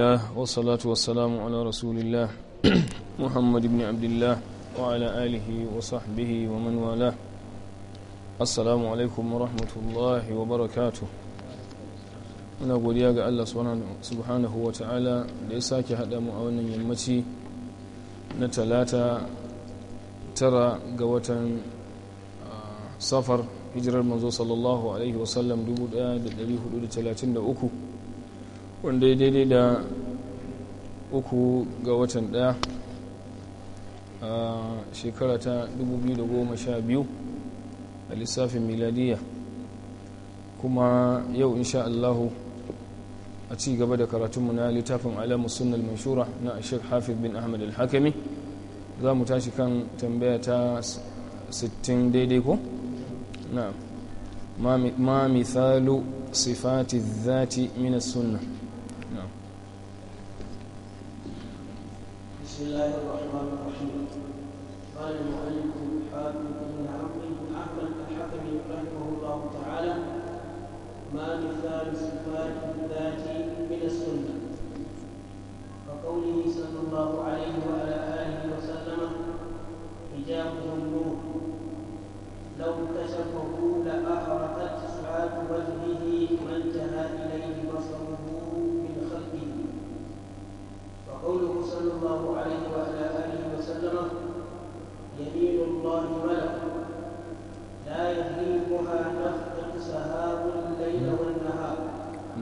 الله والصلاة والسلام على رسول الله محمد muna godiya ga Allah subhanahu wa ta'ala da ya sake haɗa mu a wannan yammaci na talata tara ga watan safar hijirar manzo sallallahu alaihi wasallam 1433 wanda ya daidai da uku ga watan daya a shekara ta 2012 a lissafin miladiya kuma yau insha Allahu a ci gaba da karatunmu na littafin alamu sunnal manshura na sheikh hafiz bin ahmad al-hakami za mu tashi kan tambaya ta 60 daidai ko? na ma mithalu sifati zati mina sunna بسم الله الرحمن الرحيم قال المؤلف حافظ بن عمرو بن احمد الحكمي رحمه الله تعالى ما من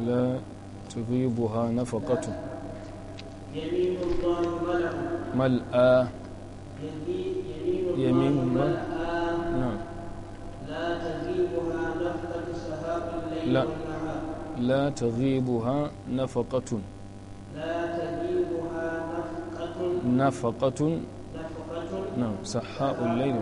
لا تغيبها نفقة يمين الله ملأ ملأ الله ملأ نعم لا تغيبها نفقة سهاب الليل لا لا تغيبها نفقة لا تغيبها نفقة نفقة نعم سحاء الليل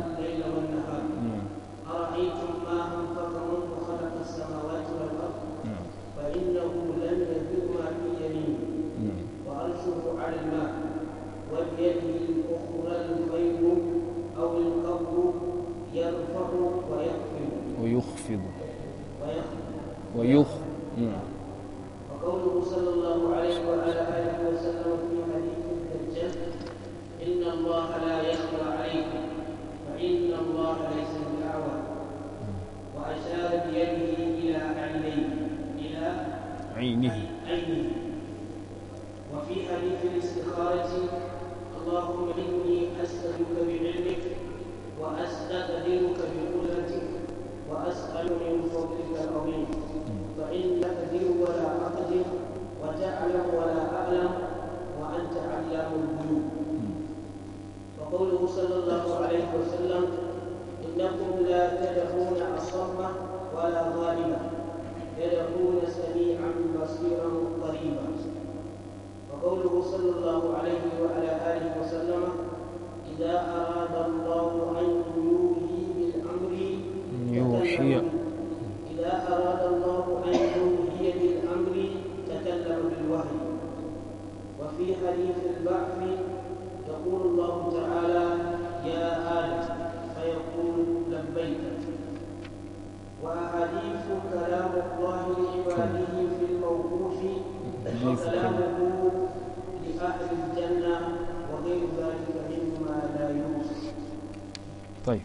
طيب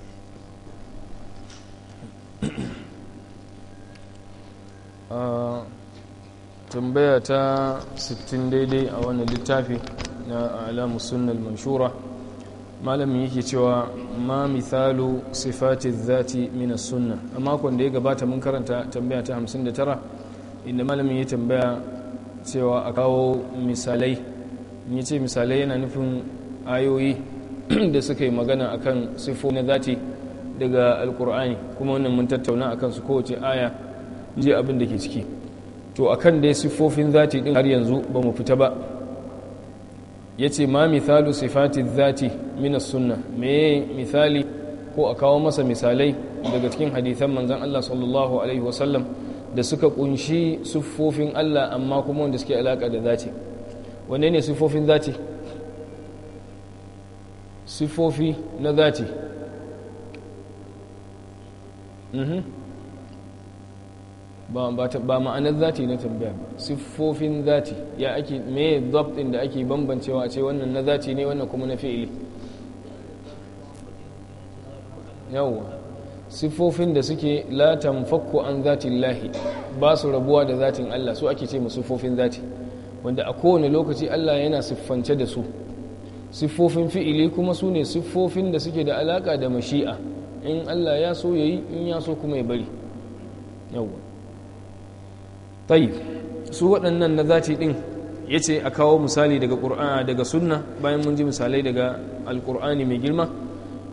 ah, tambaya ta 60 daidai a wannan littafi na alamu sunnal manshura malamin yake cewa ma misalu sifati zati min sunna a makon da ya gabata mun karanta tambaya ta 59 inda malamin ya tambaya cewa akawo kawo misalai in misalai yana nufin ayoyi da suka yi magana akan sifo na zati daga alkur'ani kuma wannan mun tattauna a kansu kowace aya je abin da ke ciki to a akan dai sifofin zati ɗin har yanzu ba mu fita ba ya ce ma misalu sifatin zati minas sunna me misali ko a kawo masa misalai daga cikin hadithan manzan Allah sallallahu alaihi wasallam da suka kunshi siffofin Allah amma kuma wanda suke alaka da zati wanne ne siffofin zati sifofi na zati mhm. ba ma'anar zati na tambaya ba sifofin zati ya ake me ɗin da ake bambancewa a ce wannan na zati ne wannan kuma na fi'ili yawwa sifofin da suke latan fakko an zatin lahi ba su rabuwa da zatin Allah su ake ce mu sifofin zati wanda a kowane lokaci Allah yana siffance da su siffofin fi'ili kuma su ne siffofin da suke da alaka da mashi'a in Allah ya so yayi in ya so kuma ya bari yawwa su waɗannan na zati din yace a kawo misali daga qur'ana daga sunna bayan mun ji misalai daga alqur'ani mai girma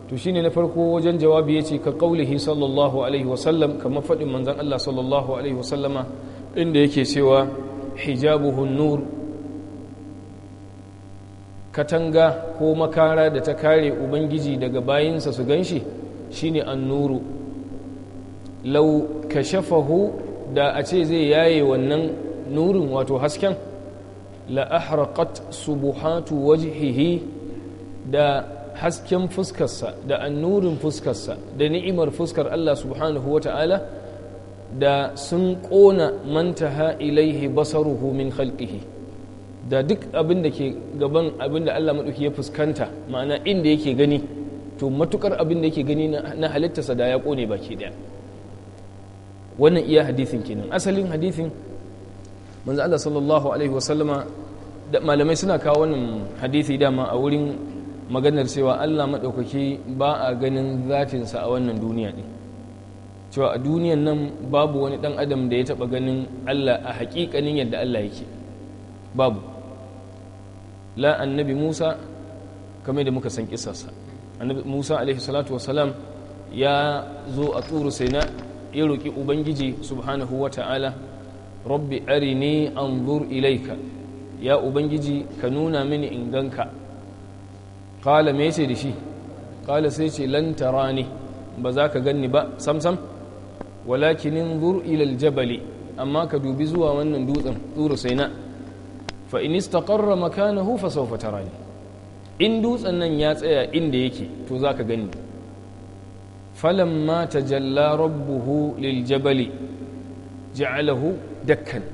to shine na farko wajen jawabi yace ka qaulihi sallallahu alaihi wasallam kamar faɗin manzon Allah sallallahu alaihi wasallama inda yake cewa hijabuhun nur katanga ko makara da ta kare ubangiji daga bayinsa su ganshi shine annuru lau kashafahu da a ce zai yaye wannan nurin wato hasken la subuhatu wajhihi da hasken fuskarsa da annurin fuskarsa da ni'imar fuskar Allah subhanahu wata'ala da sun ƙona mantaha ilaihi basaruhu min khalqihi da duk abin da ke gaban abin da Allah maɗauki ya fuskanta ma'ana inda yake gani to matukar abin da yake gani na halittarsa da ya ƙone baki ɗaya wannan iya hadithin kenan asalin hadithin manzo Allah sallallahu alaihi wasallama da malamai suna kawo wannan hadithi dama a wurin maganar cewa Allah maɗaukaki ba a ganin zatinsa a wannan duniya ɗin cewa a duniyan nan babu wani ɗan adam da ya taɓa ganin Allah a haƙiƙanin yadda Allah yake babu la annabi musa kamar da muka san kisarsa annabi musa alaihi salatu wasalam ya zo a tsuru saina ya roƙi ubangiji subhanahu wa ta'ala rabbi arini anzur ilaika ya ubangiji ka nuna mini in ganka kala me ce da shi kala sai ce lan ba za ka ganni ba samsam walakinin zur ilal jabali amma ka dubi zuwa wannan dutsen tsuru saina fa in makanahu fa sawfa tarani in dutsen nan ya tsaya inda yake to zaka gani falamma tajalla rabbuhu lil jabali ja'alahu dakkan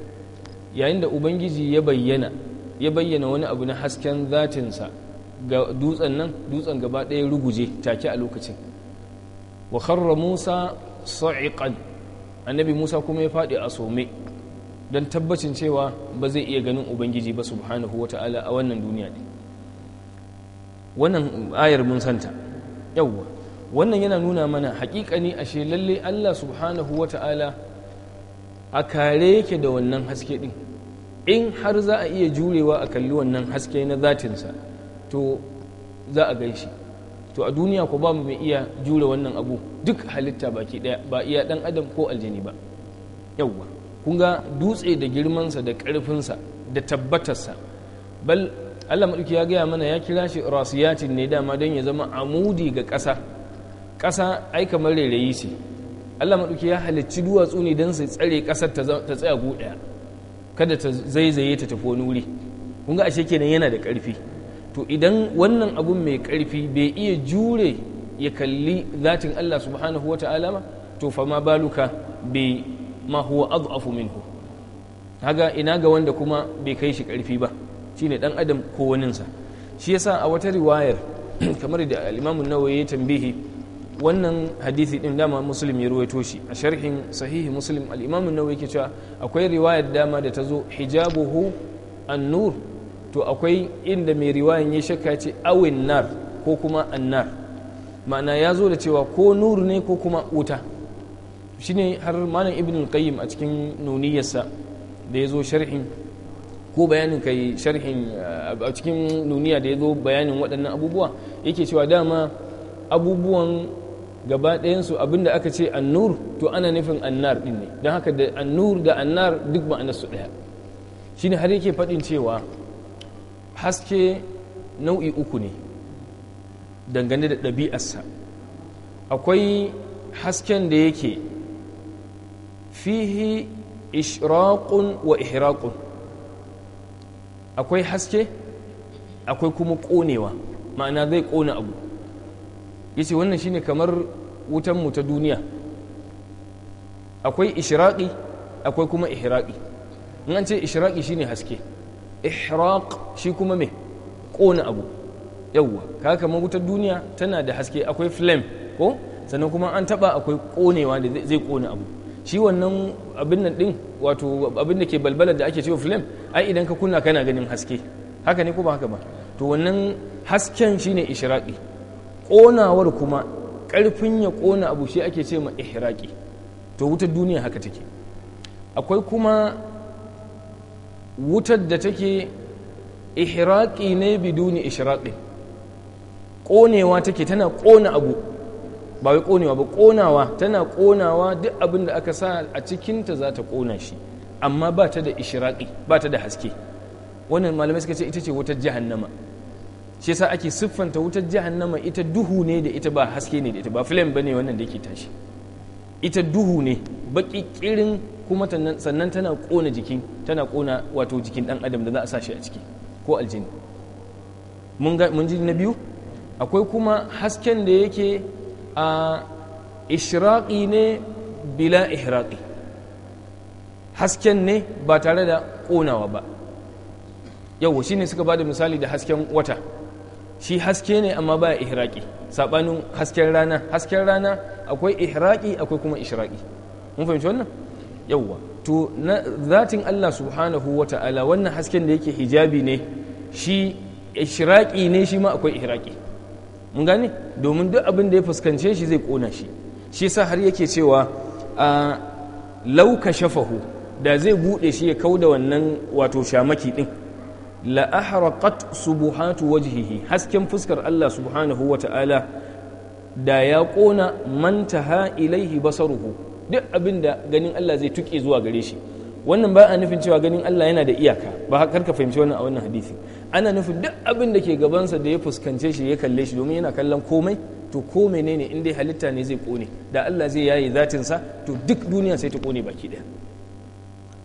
yayin da ubangiji ya bayyana ya bayyana wani abu na hasken zatinsa ga dutsen nan dutsen gaba ɗaya ruguje take a lokacin wa kharra musa sa'iqan annabi musa kuma ya faɗi a some don tabbacin cewa ba zai iya ganin ubangiji ba subhanahu wa ta'ala a wannan duniya ne wannan ayar mun santa yawwa wannan yana nuna mana hakika ne ashe lalle Allah subhanahu wa ta'ala a kare yake da wannan haske din in har za a iya jurewa a kalli wannan haske na zatinsa to za a gan shi to a duniya ko ba mu mai iya jure wannan abu duk halitta baki ɗaya ba iya dan adam ko aljani ba yawwa Kunga dutse da girmansa da ƙarfinsa da tabbatarsa bal Allah maɗauki ya gaya mana ya kira shi rasiyatin ne dama don ya zama amudi ga ƙasa ƙasa ai kamar rairayi ce Allah maɗauki ya halicci duwatsu ne don su tsare ƙasar ta tsaya gu ɗaya kada ta zaizaye ta tafi wani wuri Kunga ashe kenan yana da ƙarfi to idan wannan abun mai ƙarfi bai iya jure ya kalli zatin Allah subhanahu wa to fa ma baluka bai ma huwa adhafu minhu haga ina ga wanda kuma bai kai shi karfi ba shine dan adam ko sa shi yasa a wata riwayar kamar da al-Imam an-Nawawi ya tambihi wannan hadisi din dama Muslim ya ruwaito shi a sharhin sahihi Muslim al-Imam an-Nawawi yake cewa akwai riwayar dama da ta zo hijabuhu an-nur to akwai inda mai riwayan ya shakka ce awin nar ko kuma annar ma'ana ya zo da cewa ko nur ne ko kuma wuta shine har malam ibn al-qayyim a cikin nuniyarsa da ya zo sharhin ko bayanin kai sharhin a cikin nuniya da ya zo bayanin waɗannan abubuwa yake cewa dama abubuwan gaba ɗayansu abinda aka ce annur to ana nufin annar ɗin ne don haka da annur da annar duk ma'anarsu ɗaya shine har yake faɗin cewa haske nau'i uku ne dangane da ɗabi'arsa akwai hasken da yake fihi ishraqun wa ihraqun akwai haske akwai kuma ƙonewa ma'ana zai ƙona abu yace wannan shine kamar wutan mu ta duniya akwai ishraqi akwai kuma ihraqi in an ce ishraqi shine haske ihraq shi kuma me ƙona abu yawwa kaga kamar wutar duniya tana da haske akwai flame ko sannan kuma an taba akwai ƙonewa da zai ƙona abu shi wannan abin nan din wato abin da ke balbalar da ake cewa flame ai idan ka kunna kana ganin haske haka ne ko ba haka ba to wannan hasken shine ishraqi ƙonawar kuma ƙarfin ya ƙona abu shi ake ce ma ihraqi to wutar duniya haka take akwai kuma wutar da take ihraqi ne biduni ishraqi konewa take tana ƙona abu ba wai konewa ba konawa tana konawa duk abin da aka sa a cikinta za ta kona shi amma ba ta da ishiraki ba ta da haske wannan malamai suka ce ita ce wutar jahannama shi yasa ake siffanta wutar jahannama ita duhu ne da ita ba haske ne da ita ba flame bane wannan da ke tashi ita duhu ne baki kirin kuma sannan tana kona jikin tana kona wato jikin dan adam da za a sa shi a ciki ko aljini mun ji na biyu akwai kuma hasken da yake ishraqi ne bila ihraqi hasken ne ba tare da ƙonawa ba yau shi ne suka ba da misali da hasken wata shi haske ne amma ba ihraqi saɓanin hasken rana hasken rana akwai ihraqi akwai kuma ishraqi mun fahimci wannan yauwa to na zatin Allah subhanahu wa ta'ala wannan hasken da yake hijabi ne shi ishraqi ne shi ma akwai ihraqi mun gane domin duk abin da ya fuskance shi zai kona shi shi sa har yake cewa a lauka shafahu da zai bude shi ya kau da wannan wato shamaki ɗin ahraqat subuhatu wajhihi hasken fuskar Allah subhanahu wa da ya ƙona mantaha ilaihi basaruhu duk abin da ganin Allah zai tuƙe zuwa gare shi wannan ba a nufin cewa ganin Allah yana da iyaka ba karka ka fahimci wannan a wannan hadisi ana nufin duk abin da ke gabansa da ya fuskance shi ya kalle shi domin yana kallon komai to ko menene in dai halitta ne zai kone da Allah zai yaye zatinsa to duk duniya sai ta kone baki ɗaya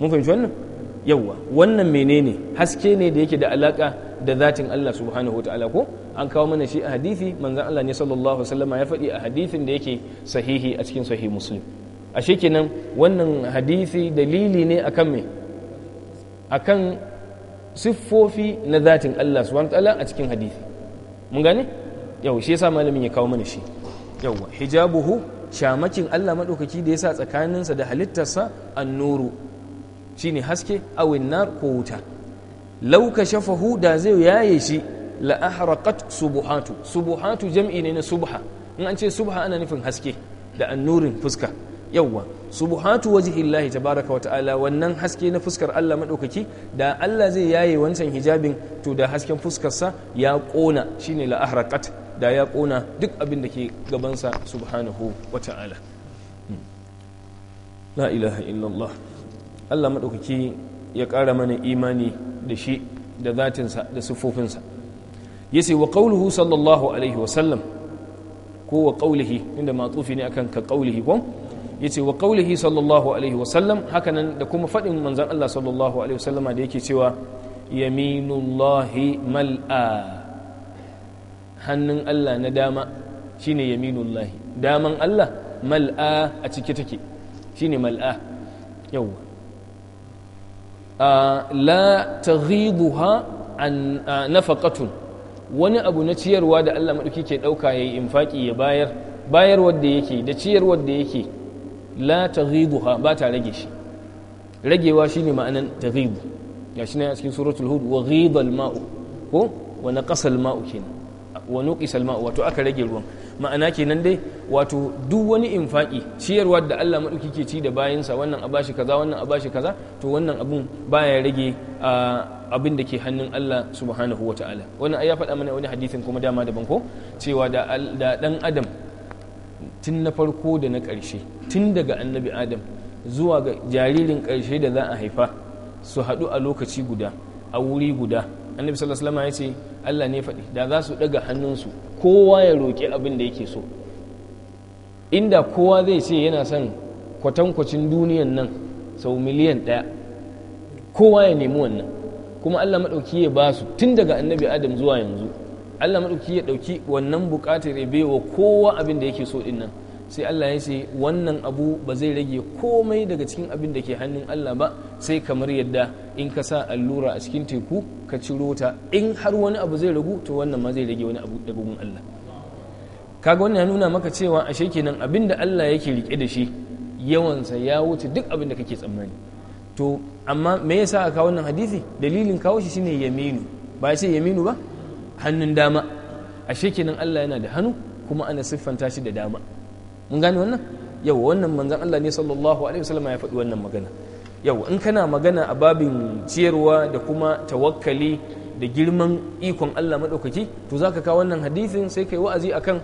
mun fahimci wannan yawwa wannan menene haske ne da yake da alaka da zatin Allah subhanahu wa ta'ala ko an kawo mana shi a hadisi manzon Allah ne sallallahu alaihi ya faɗi a hadisin da yake sahihi a cikin sahihi muslim ashe kenan wannan hadisi dalili ne akan me akan siffofi na zatin Allah subhanahu ta'ala a cikin hadisi mun gane yau shi yasa malamin ya kawo mana shi hijabu hijabuhu shamakin Allah madaukaki da yasa tsakaninsa da halittarsa annuru shine haske awin nar ko wuta law kashafahu da zai yaye shi la subuhatu subuhatu jam'i ne na subha in an ce subha ana nufin haske da annurin fuska yawwa subuhatu wajhillahi tabaraka wata'ala wannan haske na fuskar Allah madaukaki da Allah zai yaye wancan hijabin to da hasken fuskarsa ya kona shine la ahraqat da ya kona duk abin da ke gabansa subhanahu wata'ala hmm. la ilaha illallah Allah madaukaki ya kara mana imani da shi da zatinsa da siffofinsa yace wa qawluhu sallallahu alaihi wa sallam ko wa qawlihi inda ma ne akan ka qawlihi ko yace wa qaulihi sallallahu alaihi wasallam hakanan da kuma faɗin manzan Allah sallallahu alaihi wasallam da yake cewa yaminullahi mal'a hannun Allah na dama shine yaminullahi daman Allah mal'a a cike take shine mal'a yawa la taghiduha an nafaqatun wani abu na ciyarwa da Allah maɗauki ke ɗauka ya yi infaƙi ya bayar bayar wadda yake da ciyar wadda yake la taghibuha ba ta rage shi ragewa shine ma'anan taghibu ya shi ne a cikin suratul hud wa ghiba ma'u ko wa naqasa al-ma'u kenan wa nuqisa al-ma'u wato aka rage ruwan ma'ana kenan dai wato duk wani infaki ciyarwa da Allah madauki ke ci da bayansa wannan a bashi kaza wannan a bashi kaza to wannan abun baya rage abin da ke hannun Allah subhanahu wa ta'ala wannan ai ya faɗa mana wani hadisin kuma dama daban ko cewa da dan adam tun na farko da na ƙarshe tun daga annabi adam zuwa ga jaririn ƙarshe da za a haifa su haɗu a lokaci guda a wuri guda annabi sallallahu ya ce Allah ne faɗi da za su ɗaga hannunsu kowa ya roƙi abin da yake so inda kowa zai ce yana son kwatankwacin duniyan nan sau miliyan ɗaya kowa ya nemi wannan kuma Allah maɗauki ya ba su tun daga annabi adam zuwa yanzu Allah maɗauki ya ɗauki wannan buƙatar ya baiwa kowa abin da yake so ɗin nan sai Allah ya ce wannan abu ba zai rage komai daga cikin abin da ke hannun Allah ba sai kamar yadda in ka sa allura a cikin teku ka ciro ta in har wani abu zai ragu to wannan ma zai rage wani abu daga gun Allah kaga wannan ya nuna maka cewa ashe kenan abin da Allah yake rike da shi yawansa ya wuce duk abin da kake tsammani to amma me yasa aka wannan hadisi dalilin kawo shi shine yaminu ba sai yaminu ba hannun dama a kenan Allah yana da hannu kuma ana siffanta shi da dama mun gane wannan yau wannan manzan Allah ne sallallahu alaihi wasallam ya faɗi wannan magana yau in kana magana a babin ciyarwa da kuma tawakkali da girman ikon Allah maɗaukaki to za ka kawo wannan hadisin sai kai wa'azi akan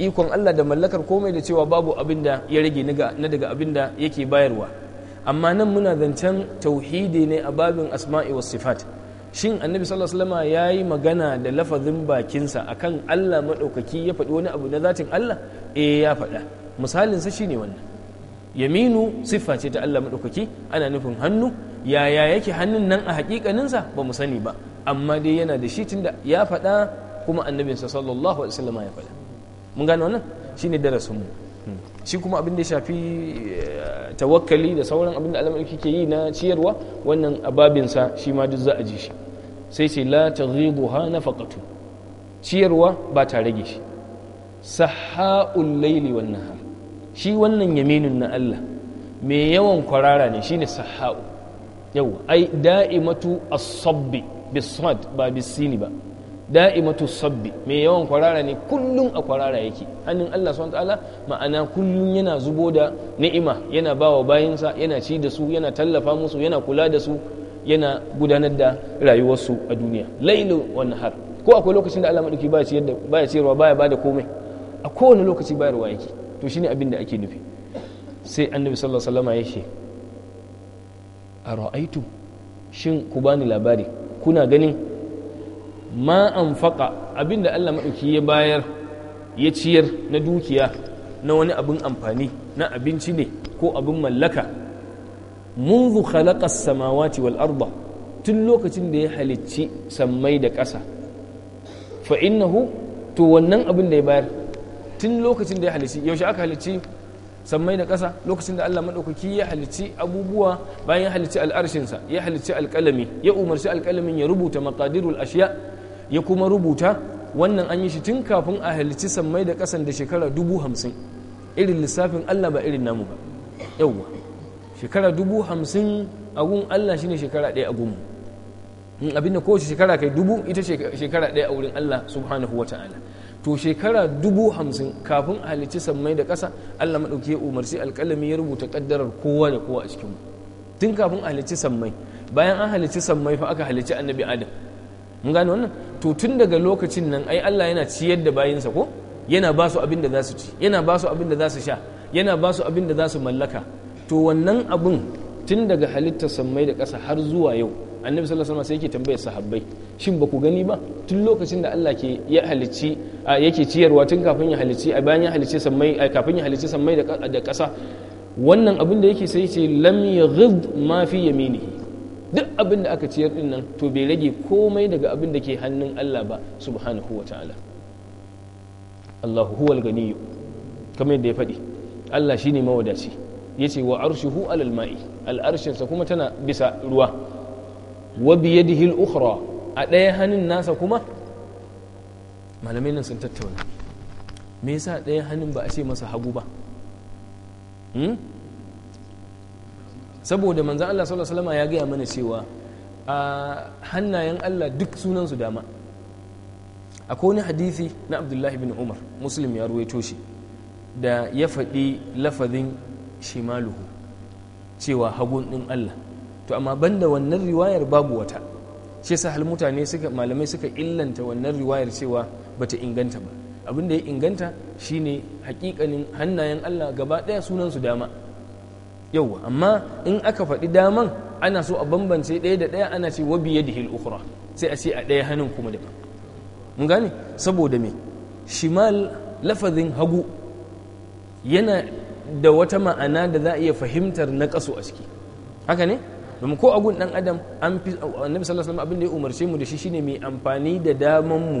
ikon Allah da mallakar komai da cewa babu abin da ya rage na daga abin da yake bayarwa amma nan muna zancen tauhidi ne a babin asma'i was sifat shin annabi sallallahu alaihi wasallam yayi magana da lafazin bakinsa akan Allah madaukaki ya faɗi wani abu na zatin Allah eh ya faɗa misalin sa shine wannan yaminu siffa ce ta Allah madaukaki ana nufin hannu yaya yake hannun nan a hakikanin sa ba mu sani ba amma dai yana da shi tunda ya faɗa kuma annabi sallallahu alaihi wasallam ya faɗa mun gane wannan shine darasin mu hmm. shi kuma abin da ya shafi eh, tawakkali da sauran abin da alamarki ke yi na ciyarwa wannan ababinsa shi ma duk za a ji shi sai ce la na faƙatu ciyarwa ba ta rage shi sahaun laili wan nahar shi wannan yaminin na Allah mai yawan kwarara ne shine sahau yau ai da'imatu as-sabbi bisad ba bisini ba da'imatu sabbi mai yawan kwarara ne kullum a kwarara yake hannun Allah subhanahu ta'ala ma'ana kullum yana zubo da ni'ima yana bawa bayinsa yana ci da su yana tallafa musu yana kula da su yana gudanar da rayuwarsu a duniya lailu wani har ko akwai lokacin da Allah madauki baya ciyar baya ciyarwa baya bada komai a kowane lokaci bayarwa yake to shine abin da ake nufi sai annabi sallallahu alaihi wasallam ya ce ra'aitu shin ku bani labari kuna ganin ma faƙa abin da Allah madauki ya bayar ya ciyar na dukiya na wani abin amfani na abinci ne ko abin mallaka منذ خلق السماوات والأرض arba تندي حلتشي سمي دا كسا فإنه تونن أبن دي بار تلوك تندي حلتشي يوشي أك حلتشي sammai da ƙasa lokacin da Allah maɗaukaki ya halicci abubuwa bayan ya halicci al'arshinsa ya halicci alkalami ya umarci alkalamin ya rubuta maqadirul ashiya ya kuma rubuta wannan an yi shi tun kafin a halicci sammai da ƙasan da shekara dubu hamsin irin lissafin Allah ba irin namu ba yawwa shekara dubu hamsin a gun allah shine shekara ɗaya a gunmu in abinda kowace shekara kai dubu ita shekara ɗaya a wurin allah subhanahu wa ta'ala to shekara dubu hamsin kafin a halicci sammai da ƙasa allah maɗauki ya umarci alƙalami ya rubuta ƙaddarar kowa da kowa a cikinmu tun kafin a halicci sammai bayan an halicci sammai fa aka halicci annabi adam mun gane wannan to tun daga lokacin nan ai allah yana ciyar da bayinsa ko yana ba su abin da za su ci yana ba su abin da za su sha yana ba su abin da za su mallaka to wannan abun tun daga halittar sammai da ƙasa har zuwa yau annabi sallallahu alaihi wasallam sai yake tambayar sahabbai shin ba ku gani ba tun lokacin da Allah ke ya halicci yake ciyarwa tun kafin ya halicci a bayan ya halicci sammai kafin ya halicci sammai da ƙasa wannan abin da yake sai ce lam yaghid ma fi yaminihi duk abin da aka ciyar din nan to bai rage komai daga abin da ke hannun Allah ba subhanahu wataala Allahu huwal ganiyyu kamar yadda ya faɗi Allah shine mawadaci yace wa arshuhu alal ma'i al'arshinsa kuma tana bisa ruwa wa biyadihi al-ukhra a ɗaya hannun nasa kuma malamai nan sun tattauna me yasa ɗaya hannun ba a ce masa hagu ba hmm? saboda manzan Allah sallallahu alaihi wasallam ya gaya mana cewa a hannayen Allah duk sunan su dama akwai wani hadisi na Abdullahi bin Umar Muslim ya ruwaito shi da ya faɗi lafazin shimaluhu cewa hagun ɗin Allah to amma banda wannan riwayar babu wata shi sa hal mutane suka malamai suka illanta wannan riwayar cewa bata inganta ba abin da ya inganta shine hakikanin hannayen Allah gaba ɗaya sunansu dama yauwa amma in aka faɗi daman ana so a bambance ɗaya da ɗaya ana ce wa biye da ukhra sai a ce a ɗaya hannun kuma da mun gane saboda me shimal lafazin hagu yana da wata ma'ana da za a iya fahimtar na kaso a ciki haka ne domin ko agun dan adam an fi annabi sallallahu alaihi abin da ya umarce mu da shi shine mai amfani da daman mu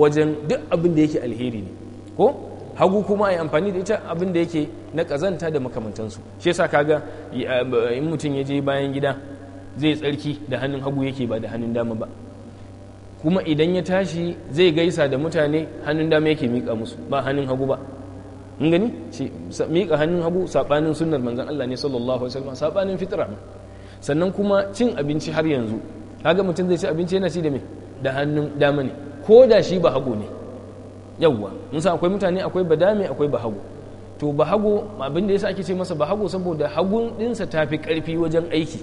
wajen duk abin da yake alheri ne ko hagu kuma ai amfani da ita abin da yake na kazanta da makamantansu shi yasa kaga in mutum ya je bayan gida zai tsarki da hannun hagu yake ba da hannun dama ba kuma idan ya tashi zai gaisa da mutane hannun dama yake miƙa musu ba hannun hagu ba in gani shi miƙa hannun hagu saɓanin sunnar manzan Allah ne sallallahu alaihi wasallam saɓanin fitra sannan kuma cin abinci har yanzu kaga mutum zai ci abinci yana ci da me da hannun dama ne ko da shi ba hagu ne yawwa mun akwai mutane akwai badame akwai hagu to bahago abin da sa ake ce masa bahago saboda hagun dinsa fi karfi wajen aiki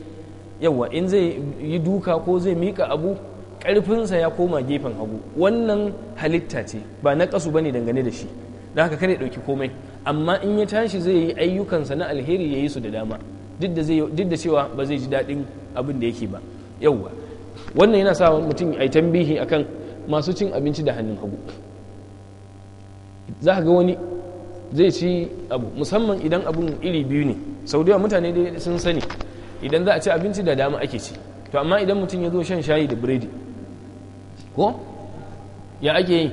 yawwa in zai yi duka ko zai mika abu karfinsa ya koma gefen hagu wannan halitta ce ba na kasu bane dangane da shi da haka kare ɗauki komai amma in ya tashi zai yi ayyukansa na alheri ya yi su da dama duk da cewa ba zai ji daɗin abin da yake ba yauwa wannan yana sa mutum a yi tambihi akan masu cin abinci da hannun hagu za ka ga wani zai ci abu musamman idan abun iri biyu ne sau da mutane dai sun sani idan za a ci abinci da dama ake ci to amma idan mutum ya zo shan shayi da biredi ko ya ake yi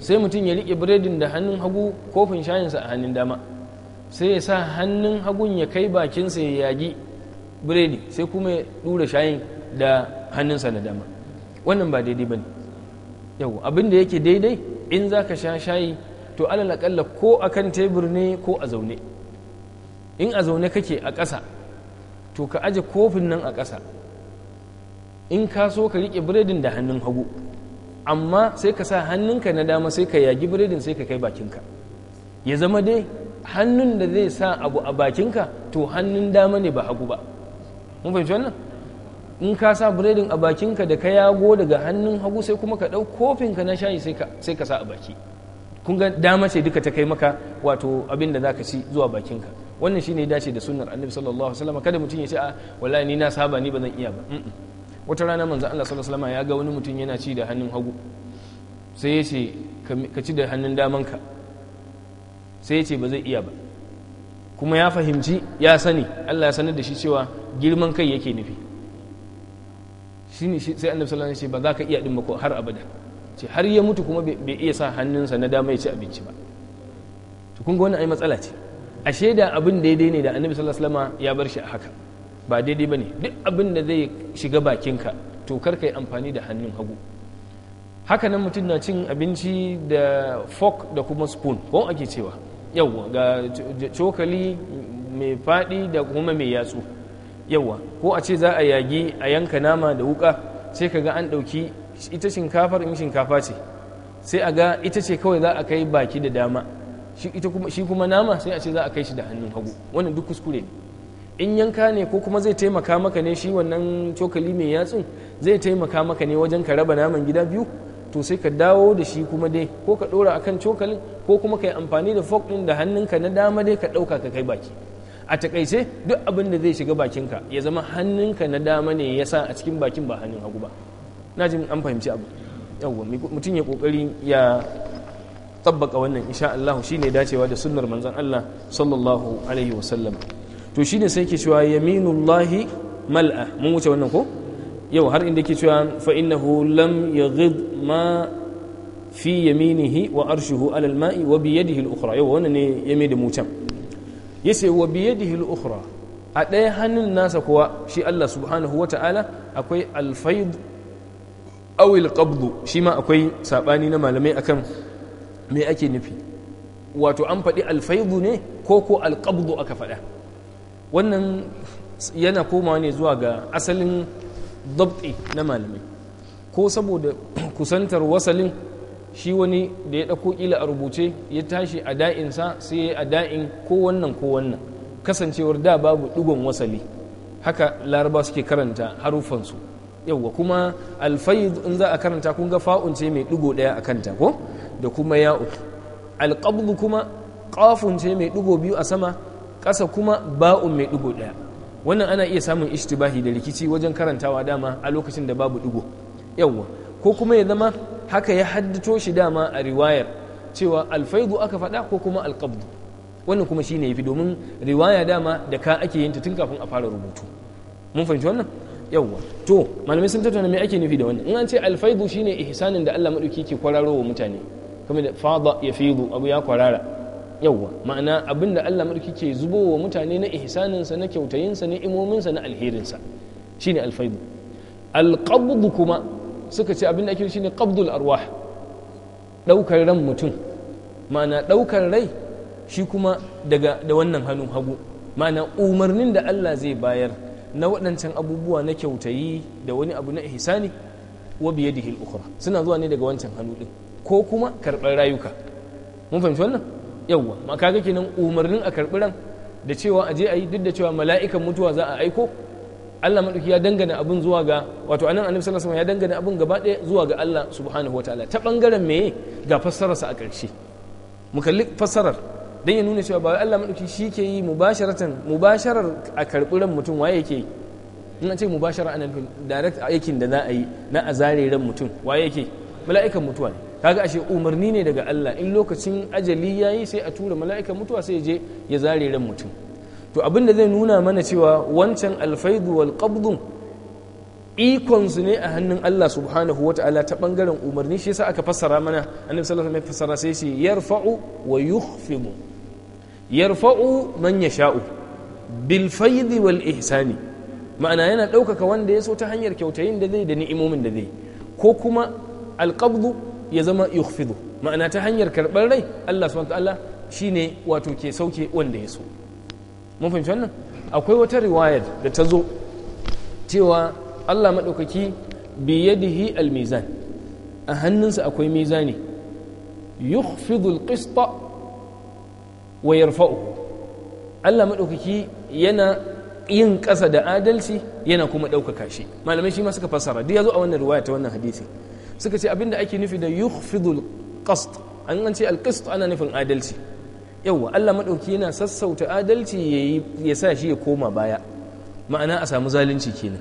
sai mutum ya riƙe biredin da hannun hagu kofin shayinsa a hannun dama sai ya sa hannun hagun ya kai bakinsa ya yagi biredi sai kuma ya ɗura shayin da hannunsa na dama wannan ba daidai ba ne yau abin da yake daidai in za ka sha shayi to alal ko a kan tebur ne ko a zaune in a zaune kake a ƙasa to ka aje kofin nan a ƙasa in ka so ka riƙe biredin da hannun hagu amma sai ka sa hannunka na dama sai ka yagi biredin sai ka kai bakinka ya zama dai hannun da zai sa abu a bakinka to hannun dama ne ba hagu ba mun fahimci wannan in ka sa biredin a bakinka da ka yago daga hannun hagu sai kuma ka ɗau kofinka na shayi sai ka sa a baki kun ga dama ce duka ta kai maka wato abin da za ka ci zuwa bakinka wannan shine dace da sunnar annabi sallallahu alaihi wasallam kada mutum ya ce a wallahi ni na saba ni ba zan iya ba wata rana manzo Allah sallallahu alaihi wasallam ya ga wani mutum yana ci da hannun hagu sai ya ce ka ci da hannun damanka sai ya ce ba zai iya ba kuma ya fahimci ya sani Allah ya sanar da shi cewa girman kai yake nufi ne sai annabi sallallahu alaihi wasallam ya ce ba za ka iya din ba har abada ce har ya mutu kuma bai iya sa hannunsa na dama ya ci abinci ba to kun ga wannan ai matsala ce ashe da abin daidai ne da annabi sallallahu alaihi wasallam ya bar shi a haka ba daidai ba ne duk abin da zai shiga bakinka to kar ka yi amfani da hannun hagu haka hakanan mutum na cin abinci da fork da kuma spoon ko ake cewa yawwa ga cokali mai faɗi da kuma mai yatsu yawwa ko a ce za a yagi a yanka nama da wuka sai ka ga an ɗauki ita shinkafar in shinkafa ce sai a ga ita ce kawai za a kai baki da dama shi kuma nama sai a ce za a kai shi da hannun hagu wannan duk kuskure ne in yanka ne ko kuma zai taimaka maka ne shi wannan cokali mai yatsun zai taimaka maka ne wajen ka raba naman gida biyu to sai ka dawo da shi kuma dai ko ka ɗora akan cokalin ko kuma ka yi amfani da fork ɗin da hannunka na dama dai ka ɗauka ka kai baki a takaice duk abin da zai shiga bakinka ya zama hannunka na dama ne ya sa a cikin bakin ba hannun hagu ba na ji an fahimci abu yawwa mutum ya kokari ya tabbaka wannan insha Allah shine dacewa da sunnar manzon Allah sallallahu alaihi wasallam to shine sai ke cewa yaminullahi mal'a mun wuce wannan ko yau har inda ke cewa fa innahu lam yaghid ma fi yaminihi wa arshuhu ala al wa bi yadihi al-ukhra yau wannan ne yame da mu yace wa bi yadihi al-ukhra a ɗaya hannun nasa kuwa shi Allah subhanahu wa ta'ala akwai alfaid awil qabdu shi ma akwai sabani na malamai akan me ake nufi wato an faɗi alfaidu ne ko ko alqabdu aka faɗa wannan yana komawa ne zuwa ga asalin dabti na malamai ko saboda kusantar wasalin shi wani da ya ɗauko ƙila a rubuce ya tashi a da'insa sai ya yi a da'in ko wannan ko wannan kasancewar da babu ɗigon wasali haka laraba suke karanta harufansu yauwa kuma alfai in za a karanta kun ga fa'unce mai ɗugo ɗaya a kanta ko da kuma ya'u alƙabdu kuma ƙafunce mai ɗigo biyu a sama ƙasa kuma ba'un mai ɗigo ɗaya wannan ana iya samun ishtibahi da rikici wajen karantawa dama a lokacin da babu ɗigo yawwa ko kuma ya zama haka ya haddato shi dama a riwayar cewa alfaidu aka faɗa ko kuma alƙabdu wannan kuma shine yafi domin riwaya dama da ka ake yin ta tun kafin a fara rubutu mun fahimci wannan yawwa to malamai sun tattauna me ake nufi da wannan in an ce alfaidu shine ihsanin da Allah madauki ke kwararo wa mutane kamar da fada ya abu ya kwarara yawwa ma'ana abin da Allah mulki ke wa mutane na ihsaninsa na kyautayinsa na imominsa na alherinsa shine alfaidu alqabdu kuma suka ce abin da ake shine qabdul arwah ɗaukar ran mutum ma'ana ɗaukar rai shi kuma daga da wannan hannun hagu ma'ana umarnin da Allah zai bayar na waɗancan abubuwa na kyautayi da wani abu na ihsani wa biyadihi al-ukhra suna zuwa ne daga wancan hannu din ko kuma karɓar rayuka mun fahimci wannan yawwa ma kaga kenan umarnin a karbi ran da cewa aje a yi duk da cewa mala'ikan mutuwa za a aiko Allah maɗauki ya dangana abin zuwa ga wato anan annabi sallallahu alaihi ya dangana abin gaba ɗaya zuwa ga Allah subhanahu wataala ta bangaren meye ga fassararsa a ƙarshe mu kalli fassarar dan ya nuna cewa ba Allah maɗauki shi ke yi mubasharatan mubasharar a karbi ran mutum waye yake yi in ce mubashara ana direct aikin da za a yi na a ran mutum waye yake mala'ikan mutuwa ne kaga ashe umarni ne daga Allah in lokacin ajali ya yi sai a tura mala'ika mutuwa sai je ya zare ran mutum to abin da zai nuna mana cewa wancan alfaidu wal qabdu ikon su ne a hannun Allah subhanahu ta'ala ta bangaren umarni shi yasa aka fassara mana annabi sallallahu alaihi wasallam fassara sai shi yarfa'u wa yukhfidu yarfa'u man yasha'u bil faidi wal ihsani ma'ana yana ɗaukaka wanda ya so ta hanyar kyautayin da zai da ni'imomin da zai ko kuma alqabdu ya zama yukhfidu ma'ana ta hanyar karɓar rai Allah subhanahu ta'ala shine wato ke sauke wanda ya so mun fahimci wannan akwai wata riwayar da ta zo cewa Allah maɗaukaki bi yadihi almizan a hannunsa akwai mizani yukhfidu alqista wa yarfa'u Allah maɗaukaki yana yin ƙasa da adalci yana kuma ɗaukaka shi malamai shi ma suka fassara duk ya zo a wannan riwaya ta wannan hadisi suka ce abinda ake nufi da yukhfidul qasd an an ce alqist ana nufin adalci yawa Allah madauki yana sassauta adalci yayi ya sa shi ya koma baya ma'ana a samu zalunci kenan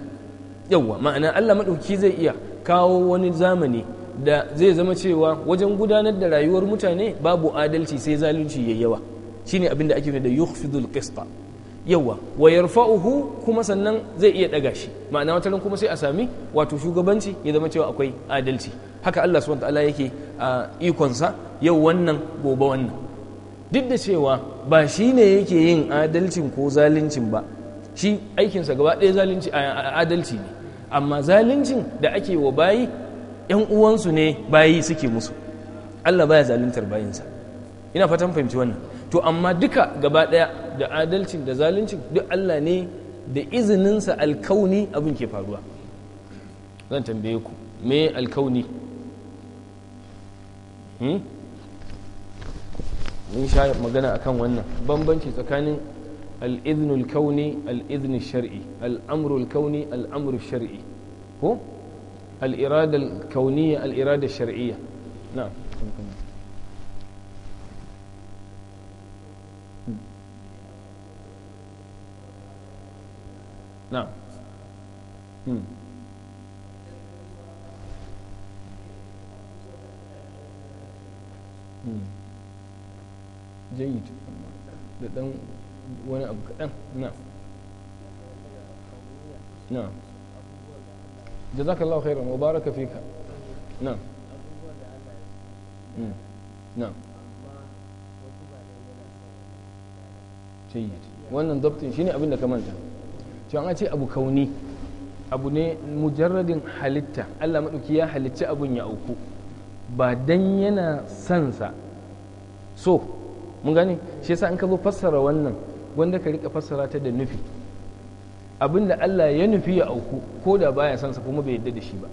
yawa ma'ana Allah madauki zai iya kawo wani zamani da zai zama cewa wajen gudanar da rayuwar mutane babu adalci sai zalunci yayi yawa shine abinda ake nufi da yukhfidul qista yawa wa yarfa'uhu kuma sannan zai iya daga shi ma'ana wata kuma sai a sami wato shugabanci ya zama cewa akwai adalci haka Allah subhanahu ta'ala yake a ikonsa yau wannan gobe wannan duk da cewa ba shi ne yake yin adalcin ko zaluncin ba shi aikinsa gaba ɗaya a adalci ne amma zaluncin da ake wa bayi yan uwansu ne bayi suke musu Allah baya zaluntar bayinsa ina fatan fahimci wannan to amma duka gaba ɗaya da adalcin da zaluncin duk Allah ne da izininsa alkauni abin ke faruwa zan tambaye ku me alkauni hmm? mun sha magana akan wannan bambanci tsakanin al'izinul kauni al'izinul shar'i al'amurul kauni al'amurul shar'i ko al'iradar kauniya al'iradar shar'iyya na نعم مم. مم. جيد دان وانا ابو آه، نعم نعم جزاك الله خيرا وبارك فيك نعم نعم جيد وانا dabtin shine abin da ka to a ce abu kauni abu ne mujarradin halitta Allah maɗauki ya halicci abun ya auku ba dan yana sansa so mun gane shi yasa in ka zo fassara wannan wanda ka riƙa fassara ta da nufi abinda Allah ya nufi ya auku ko da baya sansa kuma bai yadda da shi ba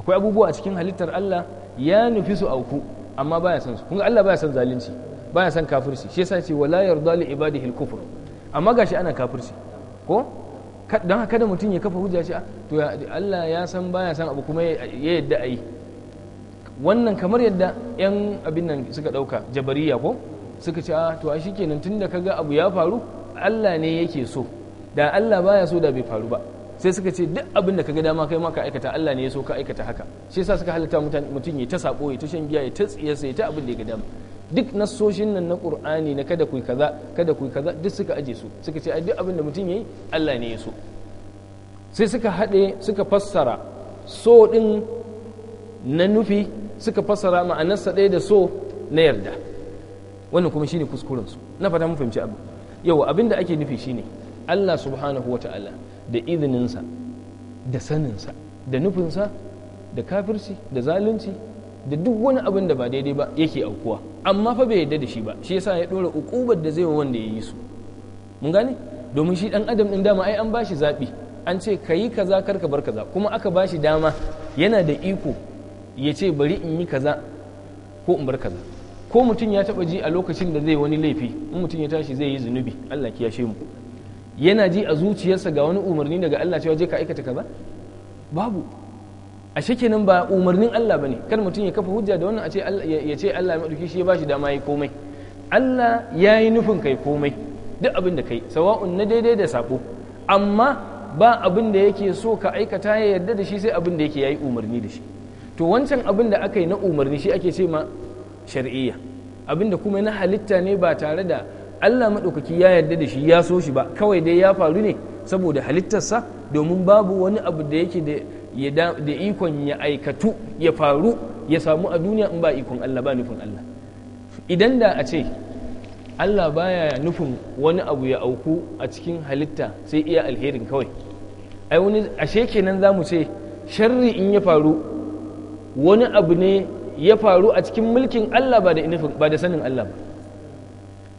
akwai abubuwa a cikin halittar Allah ya nufi su auku amma baya san su kun Allah baya san zalunci baya san kafirci shi yasa ce wala yarda li ibadihi al-kufr amma gashi ana kafirci ko don haka da mutum ya kafa hujja shi to Allah ya san baya san abu kuma ya yadda a yi wannan kamar yadda 'yan abin nan suka ɗauka jabariya ko suka ce ah, to a shikenan tun da kaga abu ya faru Allah ne yake so da Allah baya so da bai faru ba sai suka ce duk abin da kaga dama kai ma ka aikata Allah ne ya so ka aikata haka shi yasa suka halatta mutum ya ta sako ya ta shan giya ya ta tsiye sai ta abin da ya ga dama duk nassoshin nan na kur'ani na kada ku kaza kada ku kaza duk suka aje su suka ce duk abin da mutum yi Allah ne ya so sai suka haɗe suka fassara so ɗin na nufi suka fassara ma'anarsa ɗaya da so na yarda wannan kuma shine kuskurensu na fata mun fahimci abu yau abin da ake nufi shine Allah subhanahu wa ta'ala da izininsa da saninsa da nufinsa da kafirci da zalunci da duk wani abin da ba daidai ba yake aukuwa amma fa bai yadda da shi ba shi yasa ya dora ukubar da zai wanda ya yi su mun gane domin shi dan adam din dama ai an bashi zabi an ce kayi kaza kar ka bar kaza kuma aka bashi dama yana da iko ya ce bari in yi kaza ko in bar kaza ko mutum ya taba ji a lokacin da zai wani laifi in mutum ya tashi zai yi zunubi Allah ya yashe mu yana ji a zuciyarsa ga wani umarni daga Allah cewa je ka aikata kaza babu a ashe nan ba umarnin Allah bane kar mutum ya kafa hujja da wannan a ce ya ce Allah madauki shi ya bashi dama yi komai Allah ya yi nufin kai komai duk abin da kai sawa'un na daidai da sako amma ba abin da yake so ka aikata ya yarda da shi sai abin da yake yayi umarni da shi to wancan abin da aka yi na umarni shi ake ce ma shar'iyya abin da kuma na halitta ne ba tare da Allah maɗaukaki ya yarda da shi ya so shi ba kawai dai ya faru ne saboda halittarsa domin babu wani abu da yake da da ikon ya aikatu ya faru ya samu a duniya in ba ikon Allah ba nufin Allah idan da a ce Allah baya nufin wani abu ya auku a cikin halitta sai iya alherin kawai ai wani ashe kenan zamu ce sharri in ya faru wani abu ne ya faru a cikin mulkin Allah ba da ba da sanin Allah ba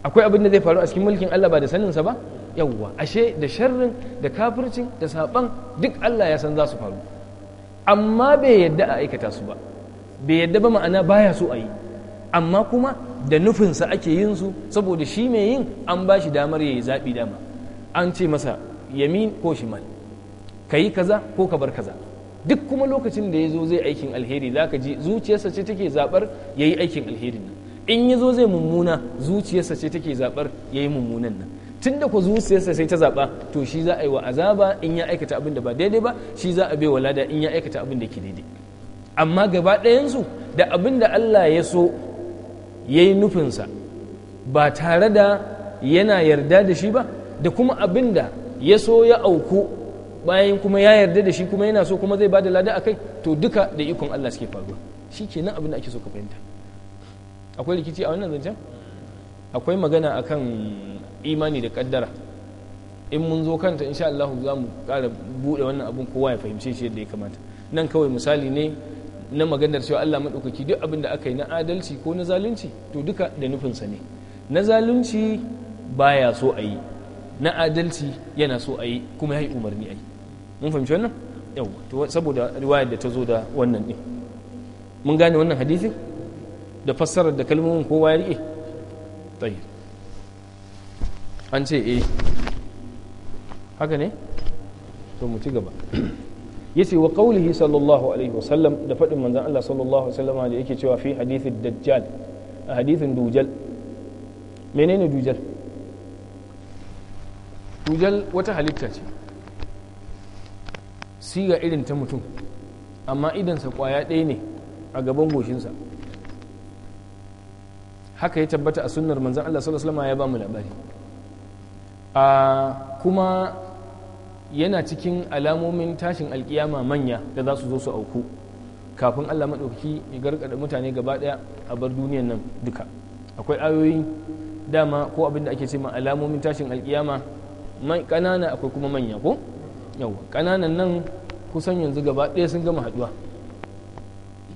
akwai abin da zai faru a cikin mulkin Allah ba da saninsa ba yawwa ashe da sharrin da kafircin da saban duk Allah ya san za su faru amma bai yadda a aikata su ba bai yadda ba ma'ana baya so a yi amma kuma da nufinsa ake yin su saboda shi mai yin an ba shi damar ya yi zaɓi dama an ce masa yamin ko shimal ka yi kaza ko ka bar kaza duk kuma lokacin da ya zo zai aikin alheri za ka ji zuciyarsa ce take zaɓar ya yi aikin alherin nan in ya zo zai mummuna zuciyarsa ce take zaɓar ya yi mummunan nan tun da ku zuciyarsa sai ta zaɓa to shi za a yi wa azaba in ya aikata abin da ba daidai ba shi za a bai wa lada in ya aikata abin da ke daidai amma gaba ɗayansu da abin da Allah ya so ya yi nufinsa ba tare da yana yarda da shi ba da kuma abin da ya so ya auku bayan kuma ya yarda da shi kuma yana so kuma zai ba da lada a kai to duka da ikon Allah suke faruwa shi ke nan abin da ake so ka fahimta akwai rikici a wannan zancen akwai magana akan imani da kaddara in mun zo kanta insha Allah za mu kara bude wannan abun kowa ya fahimce shi yadda ya kamata nan kawai misali ne na maganar cewa Allah madaukaki duk abin da aka yi na adalci ko na zalunci to duka da nufinsa ne na zalunci baya so a yi na adalci yana so a yi kuma ya yi umarni a yi mun fahimci wannan yau to saboda riwayar da ta zo da wannan ne mun gane wannan hadisin da fassarar da kalmomin kowa ya riƙe tayyib an ce eh haka ne to mu ci gaba yace wa qawlihi sallallahu alaihi wasallam da fadin manzon Allah sallallahu alaihi wasallam da yake cewa fi hadithid dajjal a hadithin dujal menene dujal dujal wata halitta ce siga irin ta mutum amma idansa kwaya ɗaya ne a gaban goshinsa haka ya tabbata a sunnar manzan Allah sallallahu alaihi wasallam ya ba mu labari kuma yana cikin alamomin tashin alkiyama manya da za su zo su auku kafin allah maɗauki ya gargada mutane gaba ɗaya a bar duniyan nan duka akwai ayoyi dama ko abin da ake ce ma alamomin tashin alkiyama ƙanana akwai kuma manya ko yawa ƙananan nan kusan yanzu gaba ɗaya sun gama haɗuwa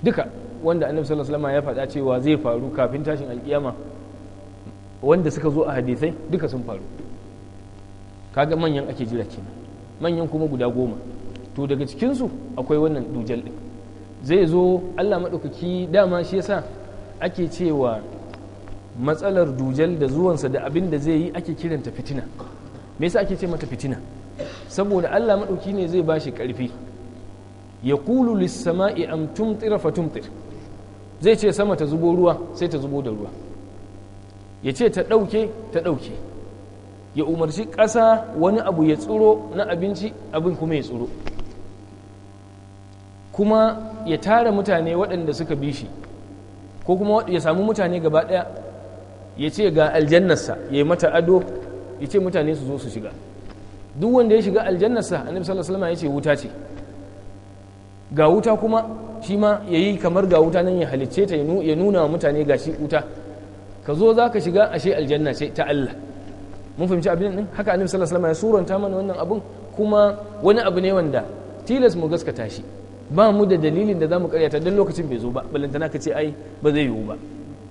duka wanda annabi sallallahu alaihi ya faɗa cewa zai faru kafin tashin alkiyama wanda suka zo a hadisai duka sun faru kaga manyan ake jira kenan manyan kuma guda goma to daga cikinsu akwai wannan dujal ɗin zai zo allah maɗaukaki dama shi yasa ake cewa matsalar dujal da zuwansa da abin da zai yi ake kiranta fitina me yasa ake ce mata fitina saboda allah maɗauki ne zai bashi karfi. ya kulu lissama'i am tumtira fa tumtir zai ce sama ta zubo ruwa sai ta zubo da ruwa yace ta ɗauke ta ɗauke ya umarci ƙasa wani abu ya tsiro na abinci abin kuma ya tsiro kuma ya tara mutane waɗanda suka bi shi ko kuma ya samu mutane gaba ɗaya ya ce ga aljannarsa ya yi mata ado ya ce mutane su zo su shiga duk wanda ya shiga aljannarsa annabi sallallahu alaihi ya ce wuta ce ga wuta kuma shi ma ya yi kamar ga wuta nan ya halicce ta ya nuna wa mutane ga shi wuta ka zo za ka shiga ashe aljanna ce ta Allah mun fahimci abin din haka annabi sallallahu alaihi wasallam ya suranta mana wannan abun kuma wani abu ne wanda tilas mu gaskata shi ba mu da dalilin da zamu karyata dan lokacin bai zo ba ballantana ka ce ai ba zai yiwu ba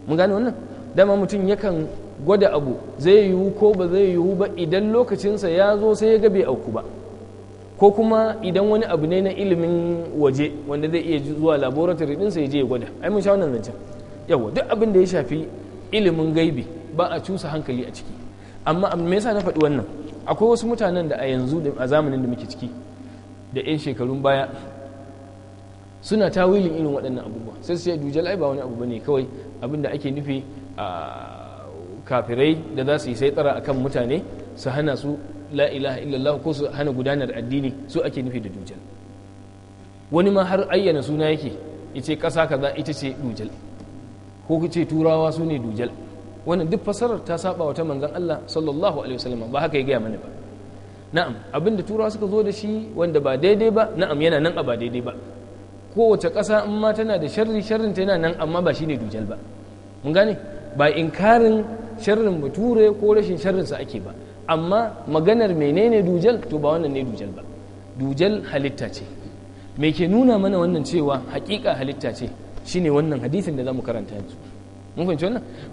mun gane wannan dama mutum yakan gwada abu zai yiwu ko ba zai yiwu ba idan lokacinsa ya zo sai ya ga bai auku ba ko kuma idan wani abu ne na ilimin waje wanda zai iya zuwa laboratory sai ya je ya gwada ai mun sha wannan zancen yawa duk abin da ya shafi ilimin gaibi ba a cusa hankali a ciki amma me yasa na faɗi wannan akwai wasu mutanen da a yanzu a zamanin da muke ciki da 'yan shekarun baya suna tawilin irin waɗannan abubuwa sai su dujal ai ba wani abu ne kawai abin da ake nufi a kafirai da za su yi sai tsara akan mutane su hana su la ilaha illallah ko su hana gudanar addini su ake nufi da dujal wani ma har ayyana suna yake ce ƙasa kaza ita ce dujal ko ce turawa su ne dujal wannan duk fasarar ta saba wa ta manzon Allah sallallahu alaihi wasallam ba haka ya gaya mana ba na'am abinda turawa suka zo da shi wanda ba daidai ba na'am yana nan a ba daidai ba kowace ƙasa in ma tana da sharri sharrin ta yana nan amma ba ne dujal ba mun gane ba inkarin sharrin bature ko rashin sharrin sa ake ba amma maganar menene dujal to ba wannan ne dujal ba dujal halitta ce me ke nuna mana wannan cewa hakika halitta ce shine wannan hadisin da zamu karanta yanzu mun fahimci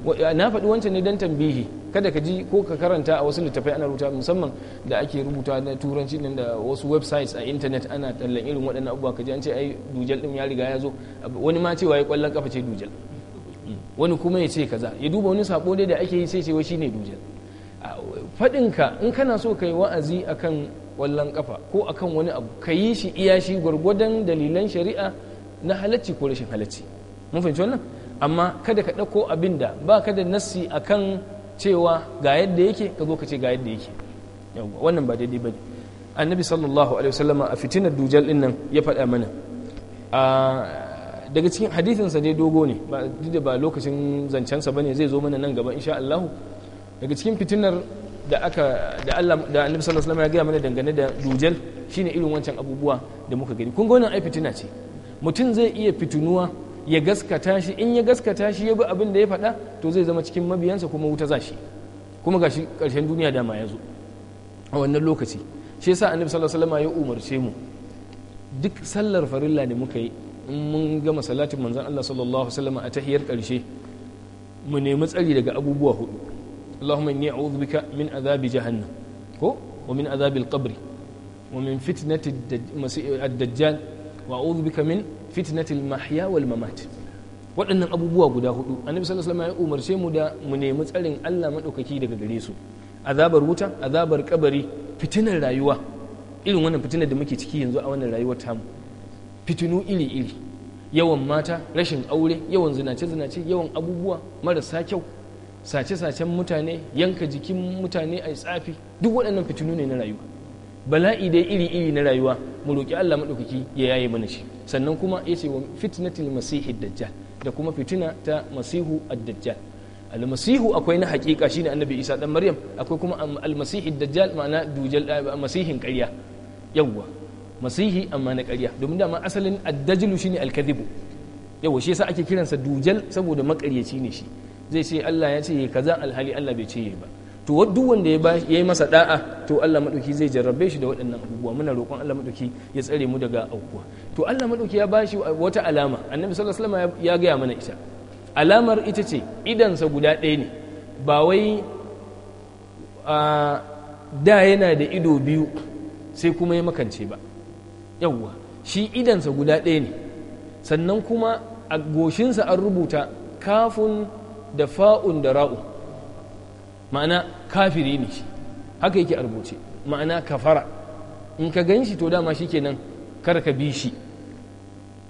wannan na faɗi wancan ne don tambihi kada ka ji ko ka karanta a wasu littafai ana rubuta musamman da ake rubuta na turanci nan da wasu websites a internet ana tallan irin waɗannan abubuwa ka ji an ce ai dujal ɗin ya riga ya zo wani ma cewa ya kwallon kafa ce dujal wani kuma ya ce kaza ya duba wani sako dai da ake yi sai ce shine dujal ka in kana so ka yi wa'azi akan kwallon kafa ko akan wani abu ka yi shi iya shi gwargwadon dalilan shari'a na halacci ko rashin halacci mun fahimci wannan amma kada ka ɗauko abin da ba ka da nassi a kan cewa ga yadda yake ka zo ka ce ga yadda yake wannan ba daidai ba ne annabi sallallahu alaihi wasallama a fitinar dujal ɗin nan ya faɗa mana daga cikin hadithinsa ne dogo ne ba da ba lokacin zancensa ba ne zai zo mana nan gaba insha Allah daga cikin fitinar da aka da Allah da annabi sallallahu alaihi wasallama ya gaya mana dangane da dujal shine irin wancan abubuwa da muka gani kun ga wannan ai fitina ce mutum zai iya fitunuwa ya gaskata shi in ya gaskata shi ya bi abin da ya faɗa to zai zama cikin mabiyansa kuma wuta za shi kuma gashi ƙarshen duniya dama ya zo a wannan lokaci shi yasa annabi sallallahu alaihi wasallam ya umarce mu duk sallar farilla da muka yi in mun gama salatin manzon Allah sallallahu alaihi wasallam a tahiyar ƙarshe mu nemi tsari daga abubuwa hudu Allahumma inni a'udhu bika min azabi jahannam ko wa min azabil qabri wa min fitnati ad-dajjal wa a'udhu bika min fitnatil mahya wal mamat waɗannan abubuwa guda hudu annabi sallallahu alaihi wasallam ya umarce mu da mu nemi tsarin Allah madaukaki daga gare su azabar wuta azabar kabari fitinar rayuwa irin wannan fitinar da muke ciki yanzu a wannan rayuwar tamu fitinu iri iri yawan mata rashin aure yawan zinace zinace yawan abubuwa marasa kyau sace sacen mutane yanka jikin mutane a tsafi duk waɗannan fitinu ne na rayuwa bala'i dai iri-iri na rayuwa mu roƙi Allah maɗaukaki ya yaye mana shi sannan kuma ya ce wa fitnatil masihi dajjal da kuma fitina ta masihu ad-dajjal al-masihu akwai na haƙiƙa shine annabi Isa dan Maryam akwai kuma al-masihi dajjal ma'ana dujal eh, masihin ƙarya yawwa masihi amma na ƙarya domin dama asalin ad-dajlu shine al-kadhibu yawwa shi yasa ake kiransa dujal saboda maƙaryaci ne shi zai ce Allah ya ce kaza alhali Allah bai ce ba to duk wanda ya yi masa da'a to Allah maɗauki zai jarrabe shi da waɗannan abubuwa muna roƙon Allah maɗauki ya tsare mu daga aukuwa to Allah maɗauki ya bashi wata alama annabi sallallahu alaihi ya gaya mana ita alamar ita ce idansa guda ɗaya ne ba wai da yana da ido biyu sai kuma ya makance ba yawwa shi idansa guda ɗaya ne sannan kuma a goshinsa an rubuta kafun da fa'un da ra'u ma'ana kafiri ne shi haka yake a rubuce ma'ana kafara in ka gan shi to dama shi kenan kar ka bi shi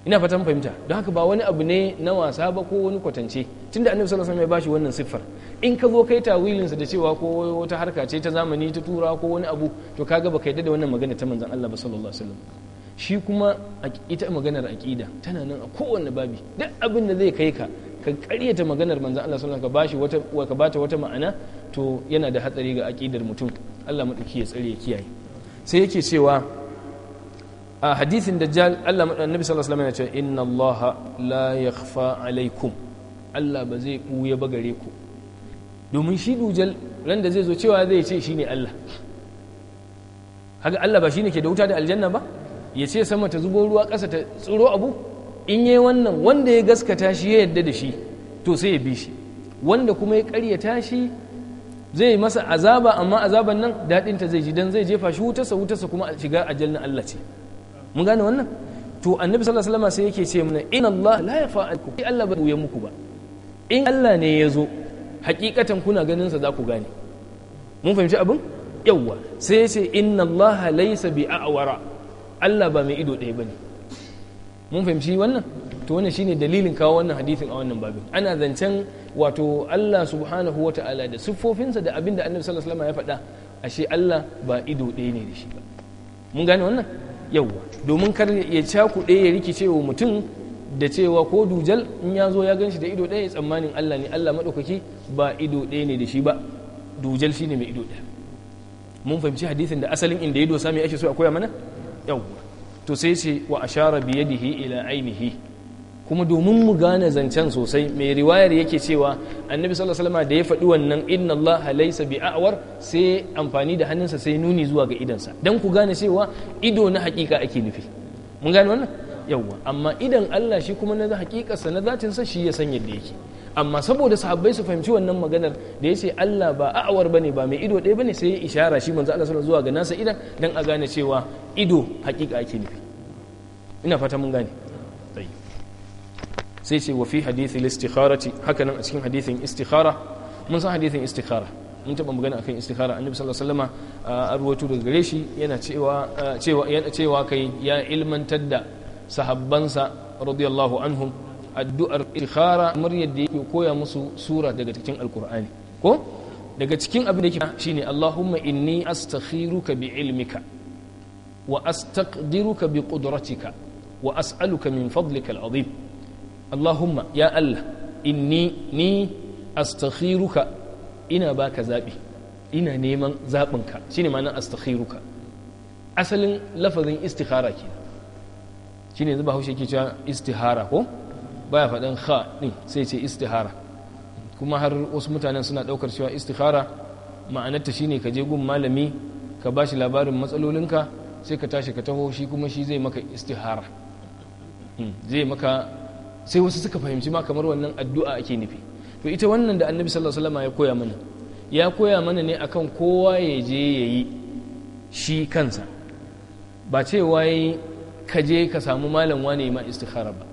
ina fatan fahimta don haka ba wani abu ne na wasa ba ko wani kwatance tunda annabi sallallahu alaihi wasallam ya bashi wannan siffar in ka zo kai tawilinsa da cewa ko wata harka ce ta zamani ta tura ko wani abu to kaga baka yadda da wannan magana ta manzon Allah ba sallallahu alaihi wasallam shi kuma ita maganar aqida tana nan a kowanne babi duk abin da zai kai ka ka karyata maganar manzan Allah sallallahu ka bashi wata ka bata wata ma'ana to yana da hatsari ga aqidar mutum Allah madauki ya tsare ya kiyaye sai yake cewa a hadithin dajjal Allah annabi sallallahu alaihi wasallam yana cewa inna Allah la yakhfa alaikum Allah ba zai buya ba gare ku domin shi dujal ran da zai zo cewa zai ce shine Allah haka Allah ba shine ke da wuta da aljanna ba ya ce sama ta zubo ruwa ƙasa ta tsoro abu in yi wannan wanda ya gaskata shi ya yadda da shi to sai ya bi shi wanda kuma ya karyata shi zai masa azaba amma azaban nan daɗinta zai ji don zai jefa shi wutarsa wutarsa kuma shiga ajalin Allah ce mun gane wannan to annabi sallallahu alaihi wasallam sai yake ce mana in Allah la yafa alku Allah ba ya muku ba in Allah ne ya zo hakikatan kuna ganin sa za ku gane mun fahimci abin yawwa sai ya ce inna Allah laysa bi a'wara Allah ba mai ido ɗaya bane mun fahimci wannan to wannan shine dalilin kawo wannan hadithin a wannan babin ana zancen wato Allah subhanahu wa ta'ala da siffofinsa da abin da annabi sallallahu alaihi wasallam ya faɗa ashe Allah ba ido ɗaya ne da shi ba mun gane wannan yawa domin kar ya cakuɗe ya rikice wa mutum da cewa ko dujal in ya zo ya gan shi da ido ɗaya tsammanin Allah ne Allah maɗaukaki ba ido ɗaya ne da shi ba dujal shine mai ido ɗaya mun fahimci hadisin da asalin inda ido sami ake so a koya mana yawa to sai ce wa ashara biyadihi ila ainihi kuma domin mu gane zancen sosai mai riwayar yake cewa annabi sallallahu alaihi wasallam da ya faɗi wannan inna Allah laysa bi a'war sai amfani da hannunsa sai nuni zuwa ga idansa dan ku gane cewa ido na hakika ake nufi mun gane wannan yawwa amma idan Allah shi kuma na hakikarsa na zatinsa shi ya san yadda yake amma saboda sahabbai su fahimci wannan maganar da yace Allah ba a'awar bane ba mai ido ɗaya bane sai ya ishara shi manzo Allah sallallahu zuwa ga nasa idan dan a gane cewa ido hakika ake nufi ina fata mun gane sai ce wa fi hadithi istikharati haka nan a cikin hadithin istikhara mun san hadithin istikhara mun taɓa magana akan istikhara annabi sallallahu alaihi wasallam a ruwatu daga gare shi yana cewa cewa yana cewa kai ya ilmantar da sahabbansa radiyallahu anhum addu'ar istikhara kamar yadda yake koya musu sura daga cikin alkur'ani ko daga cikin abin da yake shine Allahumma inni astakhiruka bi ilmika wa astaqdiruka bi qudratika wa as'aluka min fadlika al'azim Allahumma ya Allah inni ni astakhiruka ina baka zabi ina neman zabinka shine ma'anar astakhiruka asalin lafazin istikhara kenan shine yanzu bahaushe ke cewa istihara ko baya faɗin ha ɗin sai ce istihara kuma har wasu mutanen suna ɗaukar cewa istihara ma'anarta shine ka je gun malami ka bashi labarin matsalolinka sai ka tashi ka taho shi kuma shi zai maka istihara hmm, zai maka sai wasu suka fahimci ma kamar wannan addu'a ake nufi to ita wannan da annabi sallallahu alaihi wasallam ya koya mana ya koya mana ne akan kowa ya je ya yi shi kansa ba cewa ka je ka samu malam wane ma istihara ba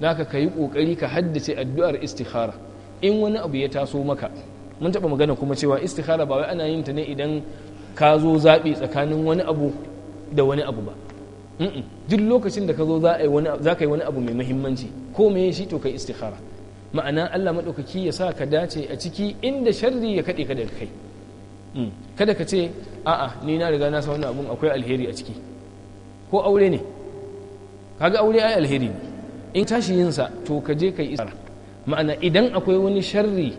naka ka yi ƙoƙari ka haddace addu'ar istikhara in wani abu ya taso maka mun taɓa magana kuma cewa istikhara ba wai ana yin ta ne idan ka zo zaɓi tsakanin wani abu da wani abu ba duk lokacin da ka zo za ka yi wani abu mai muhimmanci ko me shi to kai istikhara ma'ana Allah maɗaukaki ya sa ka dace a ciki inda sharri ya kaɗe ka daga kai mm. kada ka ce a'a ni na riga na san wani abun akwai alheri a ciki ko aure ne kaga aure ai alheri ne in tashi yinsa to ka je ka yi isara ma'ana idan akwai wani sharri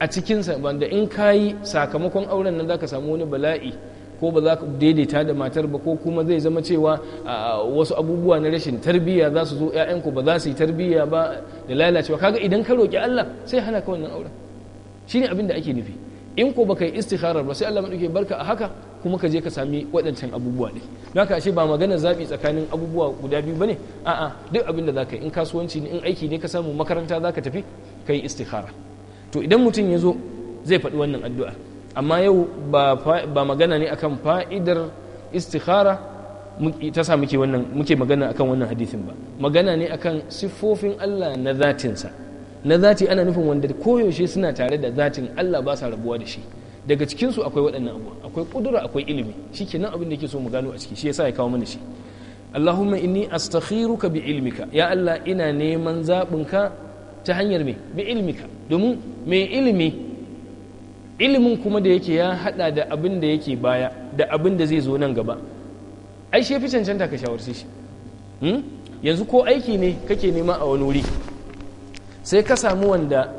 a cikinsa banda in ka yi sakamakon auren nan zaka samu wani bala'i ko ba za ka daidaita da matar ba ko kuma zai zama cewa wasu abubuwa na rashin tarbiyya za su zo 'ya'yanku ba za su yi tarbiyya ba da lalacewa kaga idan ka roƙi Allah sai hana ka wannan auren shine abin da ake nufi in ko baka yi istikharar ba sai Allah madauke barka a haka kuma ka je ka sami waɗancan abubuwa ne don haka ashe ba magana zaɓi tsakanin abubuwa guda biyu ba bane a'a duk abin da za ka yi in kasuwanci ne in aiki ne ka samu makaranta za ka tafi ka yi istikhara to idan mutum ya zo zai faɗi wannan addu'a amma yau ba magana ne akan fa'idar istikhara ta sa muke wannan muke magana akan wannan hadisin ba magana ne akan siffofin Allah na zatinsa na zati ana nufin wanda koyaushe suna tare da zatin Allah ba sa rabuwa da shi daga cikinsu akwai waɗannan abu akwai kudura akwai ilimi shi ke nan abin da ke so mu gano a ciki shi yasa ya kawo mana shi allahumma inni astakhiruka bi ilmika ya allah ina neman zaɓinka ta hanyar me bi ilmika domin mai ilimi ilimin kuma da yake ya haɗa da abin da yake baya da abin da zai zo nan gaba ai shi fi cancanta ka shawarci shi hmm? yanzu ko aiki ne kake nema a wani wuri sai ka samu wanda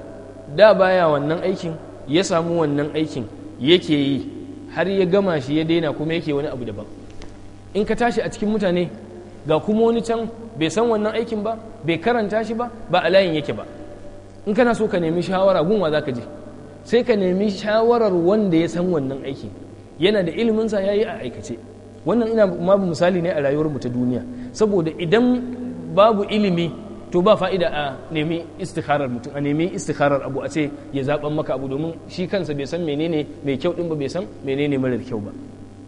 da baya wannan aikin ya samu wannan aikin yake yi har ya gama shi ya daina kuma yake wani abu daban in ka tashi a cikin mutane ga kuma wani can bai san wannan aikin ba bai karanta shi ba ba a layin yake ba in kana so ka nemi shawara gunwa za ka je sai ka nemi shawarar wanda ya san wannan aiki yana da iliminsa ya yi a aikace wannan ina ma misali ne a rayuwar mu ta duniya saboda idan babu ilimi to ba fa'ida a nemi istikharar mutum a nemi istikharar abu a ce ya zaban maka abu domin shi kansa bai san menene mai kyau ɗin ba bai san menene marar kyau ba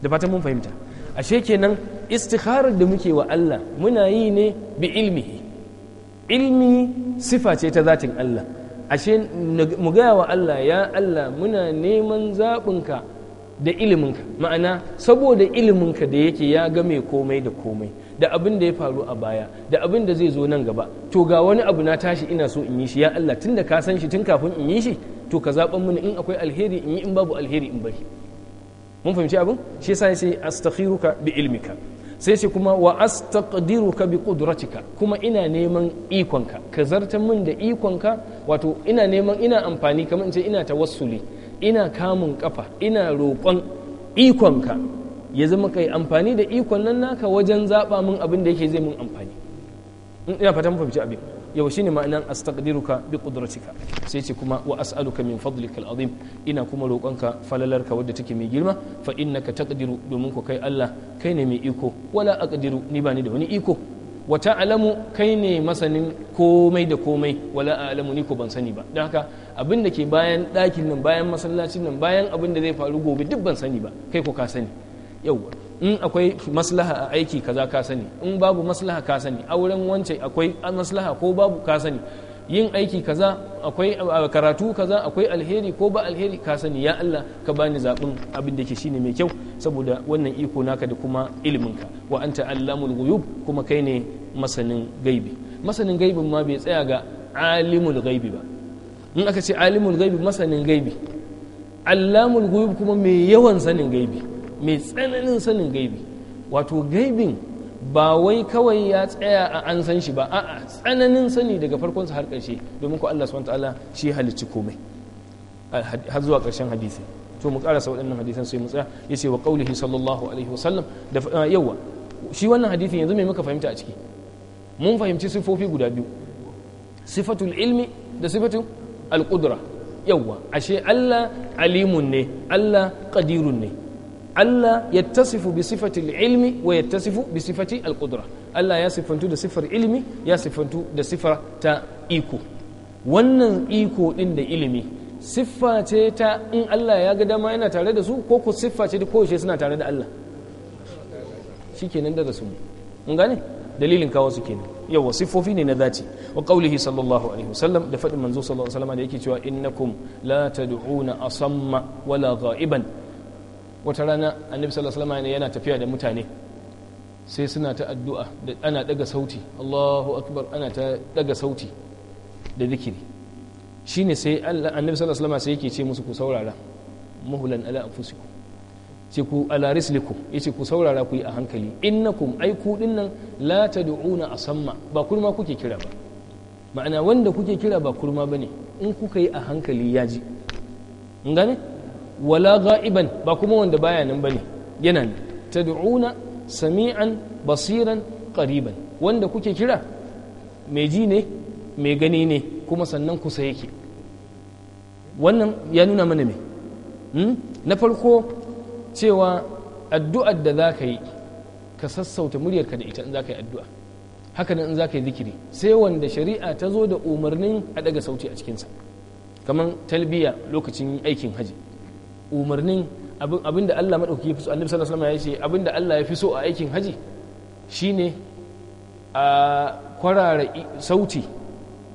da fatan mun fahimta ashe kenan istikharar da muke wa Allah muna yi ne bi ilmi ilmi sifa ce ta zatin Allah ashe mu gaya wa Allah ya Allah muna neman zaɓinka da iliminka ma'ana saboda iliminka da yake ya ga mai komai da komai da abin da ya faru a baya da abin da zai zo nan gaba to ga wani abu na tashi ina so in yi shi ya Allah tun da ka san shi tun kafin in yi shi to ka zaɓan mini in akwai alheri in yi in babu alheri in bari mun fahimci abin shi yasa sai astakhiruka bi ilmika sai shi kuma wa astaqdiruka bi qudratika kuma ina neman ikonka ka zartan min da ikonka wato ina neman ina amfani kamar in ce ina tawassuli ina kamun kafa ina roƙon ikonka ya zama kai amfani da ikon nan naka wajen zaɓa min abin da yake zai mun amfani ina fata mun fahimci abin yau shine ma'anan astaqdiruka bi qudratika sai ce kuma wa as'aluka min fadlikal azim ina kuma roƙonka falalarka wadda take mai girma fa innaka taqdiru domin ku kai Allah kai ne mai iko wala aqdiru ni ba ni da wani iko wata alamu kai ne masanin komai da komai wala a'lamu ni ko ban sani ba don haka abin da ke bayan ɗakin nan bayan masallacin nan bayan abin da zai faru gobe duk ban sani ba kai ko ka sani yauwa in akwai maslaha a aiki kaza ka sani in babu maslaha ka sani auren wancan akwai maslaha ko babu ka sani yin aiki kaza akwai karatu kaza akwai alheri ko ba alheri ka sani ya Allah ka bani zaɓin abin da ke shine mai kyau saboda wannan iko naka da kuma iliminka wa anta allamul ghuyub kuma kai ne masanin gaibi masanin gaibin ma bai tsaya ga alimul gaibi ba in aka ce alimul gaibi masanin gaibi allamul ghuyub kuma mai yawan sanin gaibi mai tsananin sanin gaibi wato gaibin ba wai kawai ya tsaya a an san shi ba a'a tsananin sani daga farkonsa har ƙarshe domin ko Allah subhanahu ta'ala shi halicci komai har zuwa ƙarshen hadisi to mu karasa waɗannan hadisan sai mu tsaya yace wa qaulihi sallallahu alaihi wasallam da yawa shi wannan hadisin yanzu me muka fahimta a ciki mun fahimci sifofi guda biyu sifatul ilmi da sifatul alqudra yawa ashe Allah alimun ne Allah qadirun ne Allah ya tasifu bi sifati ilmi wa ya tasifu bi sifati alƙudura Allah ya siffantu da sifar ilimi ya siffantu da sifa ta iko wannan iko ɗin da ilimi siffa ce ta in Allah ya ga dama yana tare da su ko ku siffa ce ta suna tare da Allah shi kenan daga su mun gane dalilin kawo su kenan yawa siffofi ne na zati wa sallallahu alaihi wasallam da faɗin manzo sallallahu alaihi wasallam da yake cewa innakum la tad'una asamma wala ghaiban wata rana annabi sallallahu alaihi wasallam yana tafiya da mutane sai suna ta addu'a da ana daga sauti Allahu akbar ana ta daga sauti da zikiri shine sai annabi sallallahu alaihi wasallam sai yake ce musu ku saurara muhlan ala anfusikum ce ku ala rislikum yace ku saurara ku yi a hankali innakum ai ku dinnan la tad'una asamma ba kurma kuke kira ba ma'ana wanda kuke kira ba kurma bane in kuka yi a hankali ya ji wala ga'iban ba kuma wanda baya nan bane yana nan tad'una sami'an basiran qariban wanda kuke kira mai ji ne mai gani ne kuma sannan kusa yake wannan ya nuna mana me hmm? na farko cewa addu'ar da za ka yi ka sassauta muryarka da ita in za ka yi addu'a haka nan in za ka yi zikiri sai wanda shari'a ta zo da umarnin a daga sauti a cikinsa kamar talbiya lokacin aikin haji umarnin abin da Allah maɗauki ya fi so annabi sallallahu alaihi wasallam ya ce abin da Allah ya fi so a aikin haji shine a kwarara sauti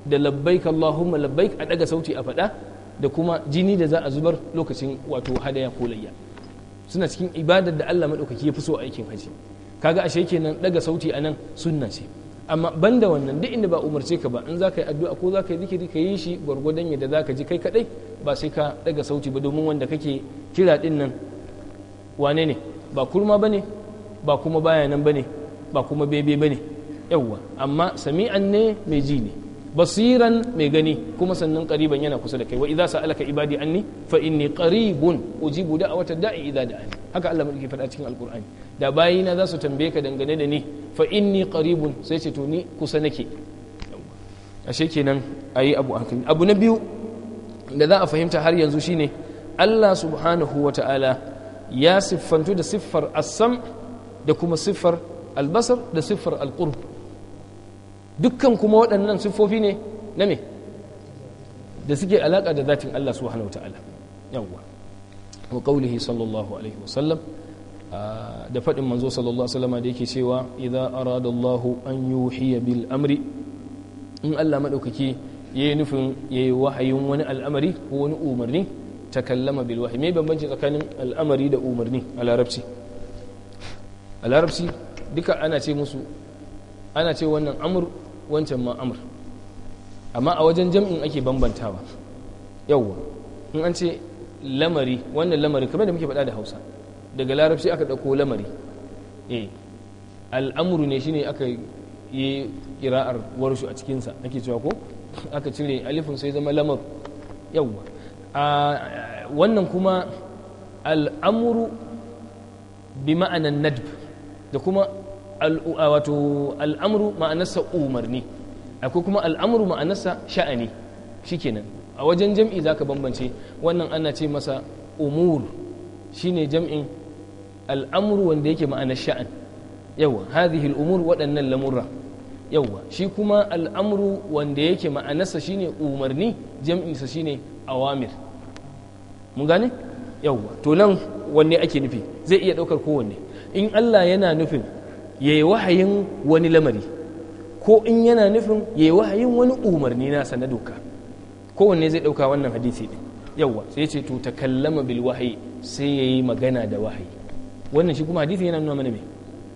da labbaik Allahumma labbaik a daga sauti a faɗa da kuma jini da za a zubar lokacin wato hadaya ko layya suna cikin ibadar da Allah maɗaukaki ya fi so a aikin haji kaga ashe kenan daga sauti anan sunna ce amma ban da wannan duk inda ba umarce ka ba in za ka yi addu'a ko za ka yi zikiri ka yi shi gwargwadon yadda za ka ji kai kaɗai ba sai ka daga sauti ba domin wanda kake kira ɗin nan wane ne ba kurma ba ne ba kuma baya ba ne ba kuma bebe ba ne yawwa amma sami'an ne mai ji ne basiran mai gani kuma sannan qariban yana kusa da kai wa idza sa'alaka ibadi anni fa inni qaribun ujibu da'watad da'i idza da'ani haka Allah mulki faɗa cikin alqur'ani da bayina za su tambaye ka dangane da ni fa inni qaribun sai ce to ni kusa nake ashe kenan ayi abu hankali abu na biyu da za a fahimta har yanzu shine Allah subhanahu wata'ala ya siffantu da siffar asam da kuma siffar albasar da siffar alqurb dukkan kuma waɗannan siffofi ne na me da suke alaƙa da zatin Allah subhanahu ta'ala yawwa wa qawlihi sallallahu alaihi wa sallam ah, da faɗin manzo sallallahu alaihi wa wasallam da yake cewa idza arada Allahu an yuhiya bil amri in Allah madaukaki yayi nufin yayi wahayin wani al'amari ko wani umarni takallama bil wahyi me bambanci tsakanin al'amari da umarni a larabci a larabci duka ana ce musu ana ce wannan amur wancan ma'amur amma a wajen jam'in ake bambantawa yawwa in an ce lamari wannan lamari kamar da muke faɗa da hausa daga larabci aka ɗauko lamari eh al'amuru ne shine aka yi kira'ar warshu a cikinsa ake cewa ko aka cire alifin sai zama lamar yawwa wannan kuma al'amuru bi ma'anan nadb da kuma wato al'amru ma'anarsa umarni akwai kuma al'amru ma'anarsa sha'ani shikenan a wajen jam'i za ka bambance wannan ana ce masa umur shine jam'in al'amru wanda yake ma'anar sha'an yawa hadhihi al'umur waɗannan lamurra yawa shi kuma al'amru wanda yake ma'anarsa shine umarni jam'insa shine awamir mun gane yawa to nan wanne ake nufi zai iya ɗaukar kowanne in Allah yana nufin ya yi wahayin wani lamari ko in yana nufin ya yi wahayin wani umarni nasa na doka kowanne zai ɗauka wannan hadisi ɗin yawwa sai ce to takallama bil wahayi sai ya yi magana da wahayi wannan shi kuma hadisi yana nuna mana mai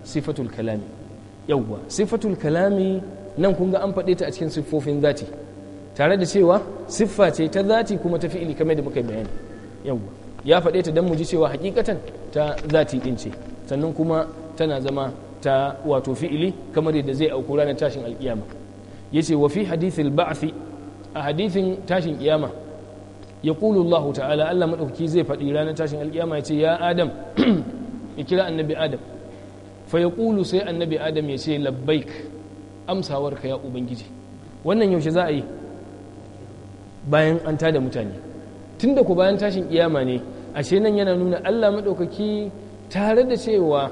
sifatul kalami yawwa sifatul kalami nan kun ga an faɗe ta a cikin siffofin zati tare da cewa siffa ce ta zati kuma ta fi'ili kamar da muka bayani yawwa ya faɗe ta don mu ji cewa hakikatan ta zati ɗin ce sannan kuma tana zama ta wato fi'ili kamar yadda zai auku ranar tashin alkiyama yace wa fi hadithin ba'thi a hadithin tashin kiyama kulu Allah ta'ala Allah maɗauki zai faɗi ranar tashin alkiyama ce ya adam ya kira annabi adam fa ya kulu sai annabi adam ya yace labbaik amsawarka ya ubangiji wannan yaushe za a yi bayan an tada mutane tunda ku bayan tashin kiyama ne ashe nan yana nuna Allah maɗaukaki tare da cewa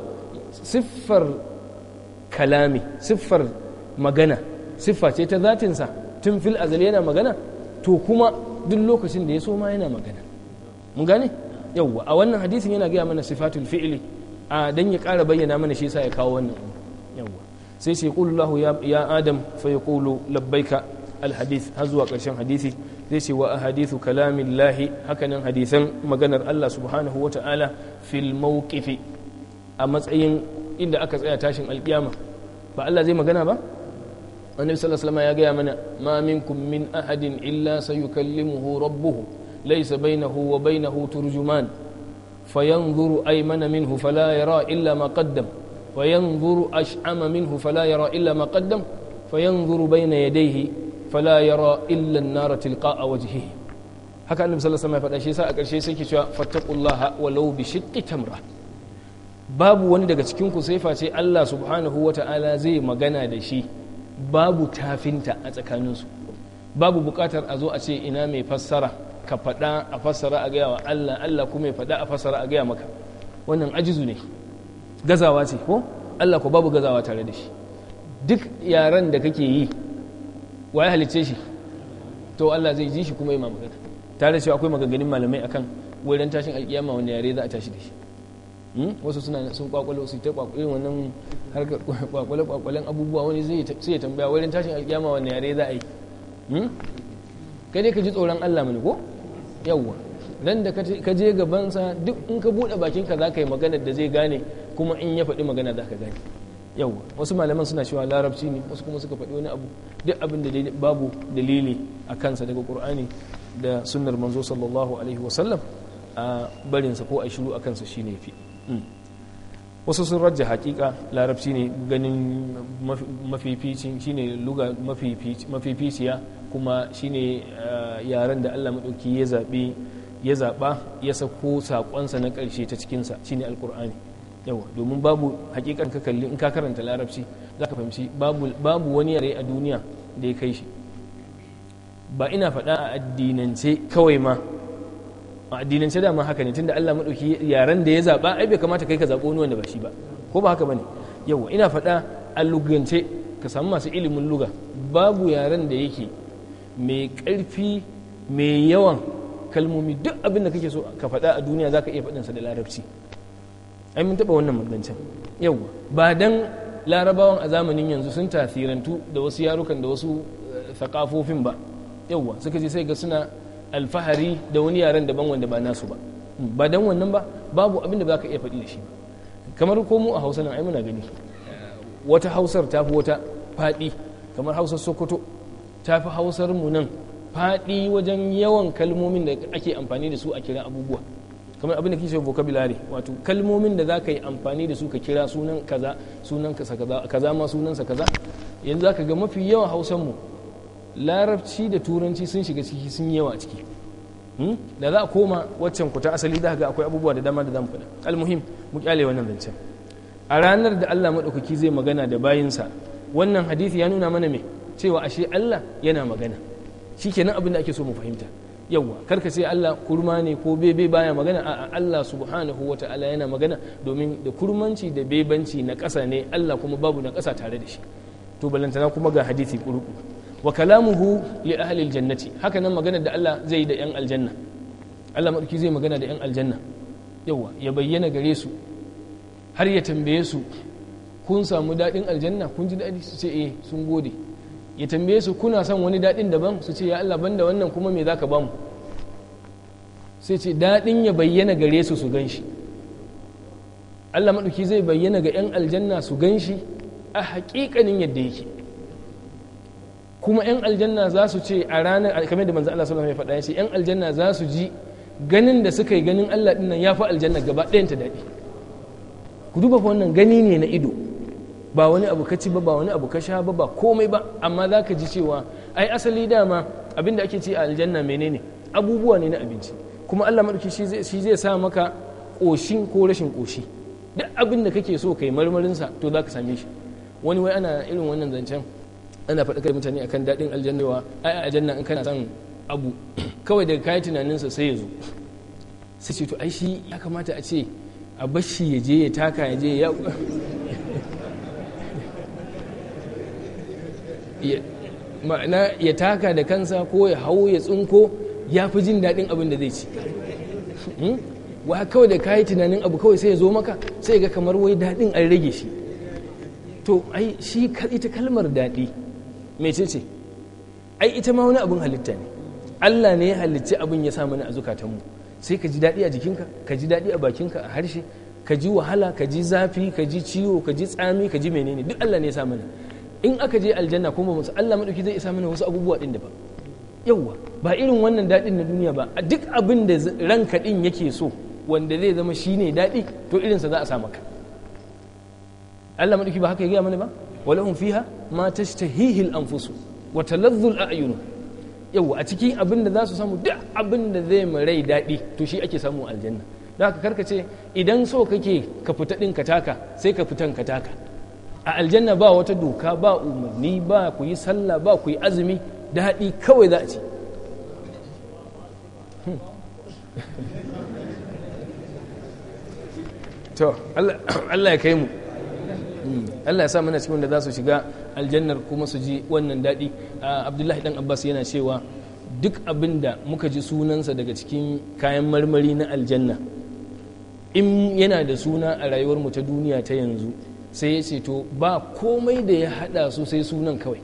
siffar kalami siffar magana siffa ce ta zatinsa tun fil azal yana magana to kuma duk lokacin da ya so ma yana magana mun gane yawwa a wannan hadisin yana gaya mana sifatul fi'li a dan ya ƙara bayyana mana shi yasa ya kawo wannan yawwa sai sai qulu lahu ya adam fa yaqulu labbaika al hadith har zuwa ƙarshen hadisi zai ce wa ahadithu kalamillahi hakanan hadisan maganar Allah subhanahu wa ta'ala fil mawqifi a matsayin inda aka tsaya tashin alkiyama ba Allah zai magana ba annabi sallallahu alaihi ya gaya mana ma minkum min ahadin illa sayukallimuhu rabbuhu laysa bainahu wa bainahu turjuman fayanzuru aymana minhu fala yara illa ma qaddam وينظر أشعم منه فلا يرى إلا ما قدم فينظر بين يديه فلا يرى إلا النار تلقاء وجهه هكذا النبي صلى الله عليه وسلم فقال شيء سأكل شيء سيكي فاتقوا الله ولو بشق تمره babu wani daga cikin ku sai face Allah subhanahu wa ta'ala zai magana da shi babu tafinta a tsakaninsu babu bukatar a zo a ce ina mai fassara ka faɗa a fassara a gaya wa Allah Allah kuma ya faɗa a fassara a gaya maka wannan ajizu ne gazawa ce ko Allah ko babu gazawa tare da shi duk yaran da kake yi ya halicce shi to Allah zai ji shi kuma ya magana tare da cewa akwai maganganun malamai akan wurin tashin alkiyama wanda yare za a tashi da shi Hmm? wasu suna sun kwakwale su ta kwakwalo wannan harkar kwakwale kwakwalen abubuwa wani zai sai ya tambaya wurin tashin alkiyama wani yare za a yi hmm? kai dai ka ji tsoron Allah mani ko yawwa dan da ka je gabansa duk in ka bude bakinka za ka yi maganar da zai gane kuma in ya faɗi magana za ka gane yawwa wasu malaman suna cewa larabci ne wasu kuma suka faɗi wani abu duk abin da babu dalili a kansa daga qur'ani da sunnar manzo sallallahu alaihi wasallam a barinsa ko a shiru a kansa shi ne fi Mm. wasu sun rajja hakika larabci ne ganin mafificin ne luga mafificiya kuma shi ne eh, yaren da Allah maɗauki ya zaɓe ya zaɓa ya sako saƙonsa na ƙarshe ta cikinsa ne alƙur'ani yawa domin babu hakikan ka kalli in ka karanta larabci za ka fahimci babu wani yare a duniya da ya kai shi ba ina faɗa a addinance kawai ma a addinance dama haka ne tunda Allah madauki yaran da ya zaba ai bai kamata kai ka zabo wani wanda ba shi ba ko ba haka bane yawa ina faɗa a lugance ka samu masu ilimin luga babu yaran da yake mai ƙarfi mai yawan kalmomi duk abin da kake so ka faɗa a duniya zaka iya faɗinsa da larabci ai mun taɓa wannan magancan yawa ba dan larabawan a zamanin yanzu sun tasirantu da wasu yarukan da wasu thakafofin eh, ba yawa suka je sai ga suna alfahari da wani yaren daban wanda ba nasu ba ba dan wannan ba babu abin da ka iya faɗi da shi ba kamar ko mu a hausa nan ai muna gani wata hausar tafi wata faɗi kamar hausar sokoto tafi hausar mu nan faɗi wajen yawan kalmomin da ake amfani da su a kira abubuwa kamar abin da kishe vocabulary wato kalmomin da za ka yi amfani da su ka kira sunan kaza sunan kaza ma sunansa kaza yanzu za ka ga mafi yawan mu. larabci da turanci sun shiga ciki sun yawa a ciki hmm? da za a koma waccan ku ta asali za ga akwai abubuwa da dama da zamu faɗa almuhim mu kyale wannan zancen a ranar da Allah madaukaki zai magana da bayinsa wannan hadisi ya nuna mana me cewa ashe Allah yana magana shikenan abin da ake so mu fahimta yawwa karka ce Allah kurma ne ko bebe baya magana a Allah subhanahu wa yana magana domin da kurmanci da bebanci na ƙasa ne Allah kuma babu na ƙasa tare da shi to balantana kuma ga hadisi kurkuku. wa kalamuhu li ahli aljannati haka nan magana da Allah zai yi da yan aljanna Allah madauki zai magana da yan aljanna yawa ya bayyana gare su har ya tambaye su kun samu dadin aljanna kun ji daɗi su ce eh sun gode ya tambaye su kuna son wani dadin daban su ce ya Allah banda wannan kuma me zaka bamu sai ce dadin ya bayyana gare su su ganshi Allah maɗauki zai bayyana ga 'yan aljanna su ganshi, a haƙiƙanin yadda yake kuma 'yan aljanna za su ce a ranar kamar da manzan Allah sallallahu alaihi wasallam ya faɗa 'yan aljanna za su ji ganin da suka yi ganin Allah din nan ya fi aljanna gaba ɗayan ta daɗi ku duba fa wannan gani ne na ido ba wani abu kaci ba ba wani abu ka sha ba ba komai ba amma za ka ji cewa ai asali dama abinda ake ci a aljanna menene abubuwa ne na abinci kuma Allah madauki shi zai sa maka ƙoshin ko rashin ƙoshi duk abin da kake so kai marmarinsa to za ka same shi wani wai ana irin wannan zancen ana kai mutane akan daɗin aljannawa ai aljanna in kana son abu kawai daga kayan tunaninsa sai ya zo sai ce to ai shi ya kamata a ce a bashi ya je ya taka ya je ya ma'ana ya taka da kansa ko ya hau ya tsunko ya fi jin daɗin abin da zai ci hmm? wa kawai da kayi tunanin abu kawai sai ya zo maka sai ga kamar wai daɗin an rage shi to ai shi ita kalmar daɗi mecece ai ita ma wani abin halitta ne Allah ne ya halitta abin ya sa mana a mu sai ka ji daɗi a jikinka ka ji daɗi a bakinka a harshe ka ji wahala ka ji zafi ka ji ciwo ka ji tsami ka ji menene duk Allah ne ya sa mana in aka je aljanna kuma musu Allah madauki zai isa mana wasu abubuwa din da ba yauwa ba irin wannan daɗin na duniya ba duk abin da ranka din yake so wanda zai zama shine daɗi to irinsa za a sa maka Allah madauki ba haka ya gaya mana ba walahum fiha ma tashtahihi al-anfusu wata taladhdhu al-a'yun a cikin abin da za su samu duk abin da zai mu rai daɗi to shi ake samu aljanna da haka karka ce idan so kake ka fita ɗin ka taka sai ka fitan ka taka a aljanna ba wata doka ba umarni ba ku yi sallah ba ku yi azumi daɗi kawai za a ci to Allah ya kai mu Allah ya sa mana cikin da za su shiga aljannar kuma su ji wannan daɗi Abdullahi dan Abbas yana cewa duk abin da muka ji sunansa daga cikin kayan marmari na aljanna in yana da suna a rayuwar mu ta duniya ta yanzu sai ya ce to ba komai da ya hada su sai sunan kawai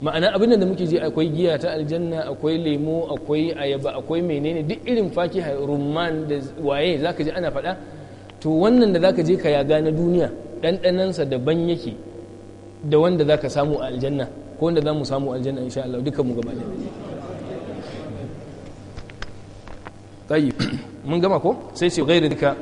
ma'ana abin da muke ji akwai giya ta aljanna akwai lemo akwai ayaba akwai menene duk irin fakiha rumman da waye zaka ji ana faɗa to wannan da zaka je ka yaga na duniya ɗanɗanansa daban yake da wanda zaka samu a aljanna ko wanda za mu samu a aljanna insha Allah duka mu gaba tayyib mun gama ko sai ce gairu duka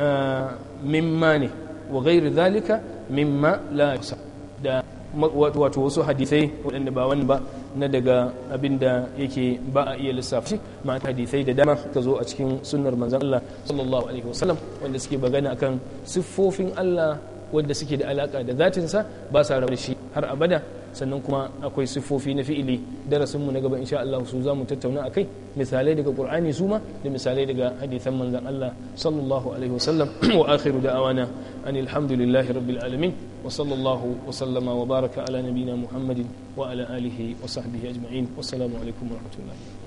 ah, mimma ne wa gairu zalika mimma la yusa da wato wasu hadisai waɗanda ba wani ba na daga abin da yake ba a iya lissafi ma hadisai da dama ka zo a cikin sunnar manzan Allah sallallahu alaihi wasallam wanda suke bagana akan siffofin Allah wanda suke da alaka da zatinsa ba sa rabu da shi har abada sannan kuma akwai siffofi na fi'ili darasin mu na gaba insha Allah su zamu tattauna akai misalai daga Qur'ani su ma da misalai daga hadisan manzon Allah sallallahu alaihi wasallam wa akhiru da'awana anil hamdulillahi rabbil alamin wa sallallahu wa sallama wa baraka ala nabiyyina Muhammadin wa ala alihi wa sahbihi ajma'in wassalamu alaikum wa rahmatullahi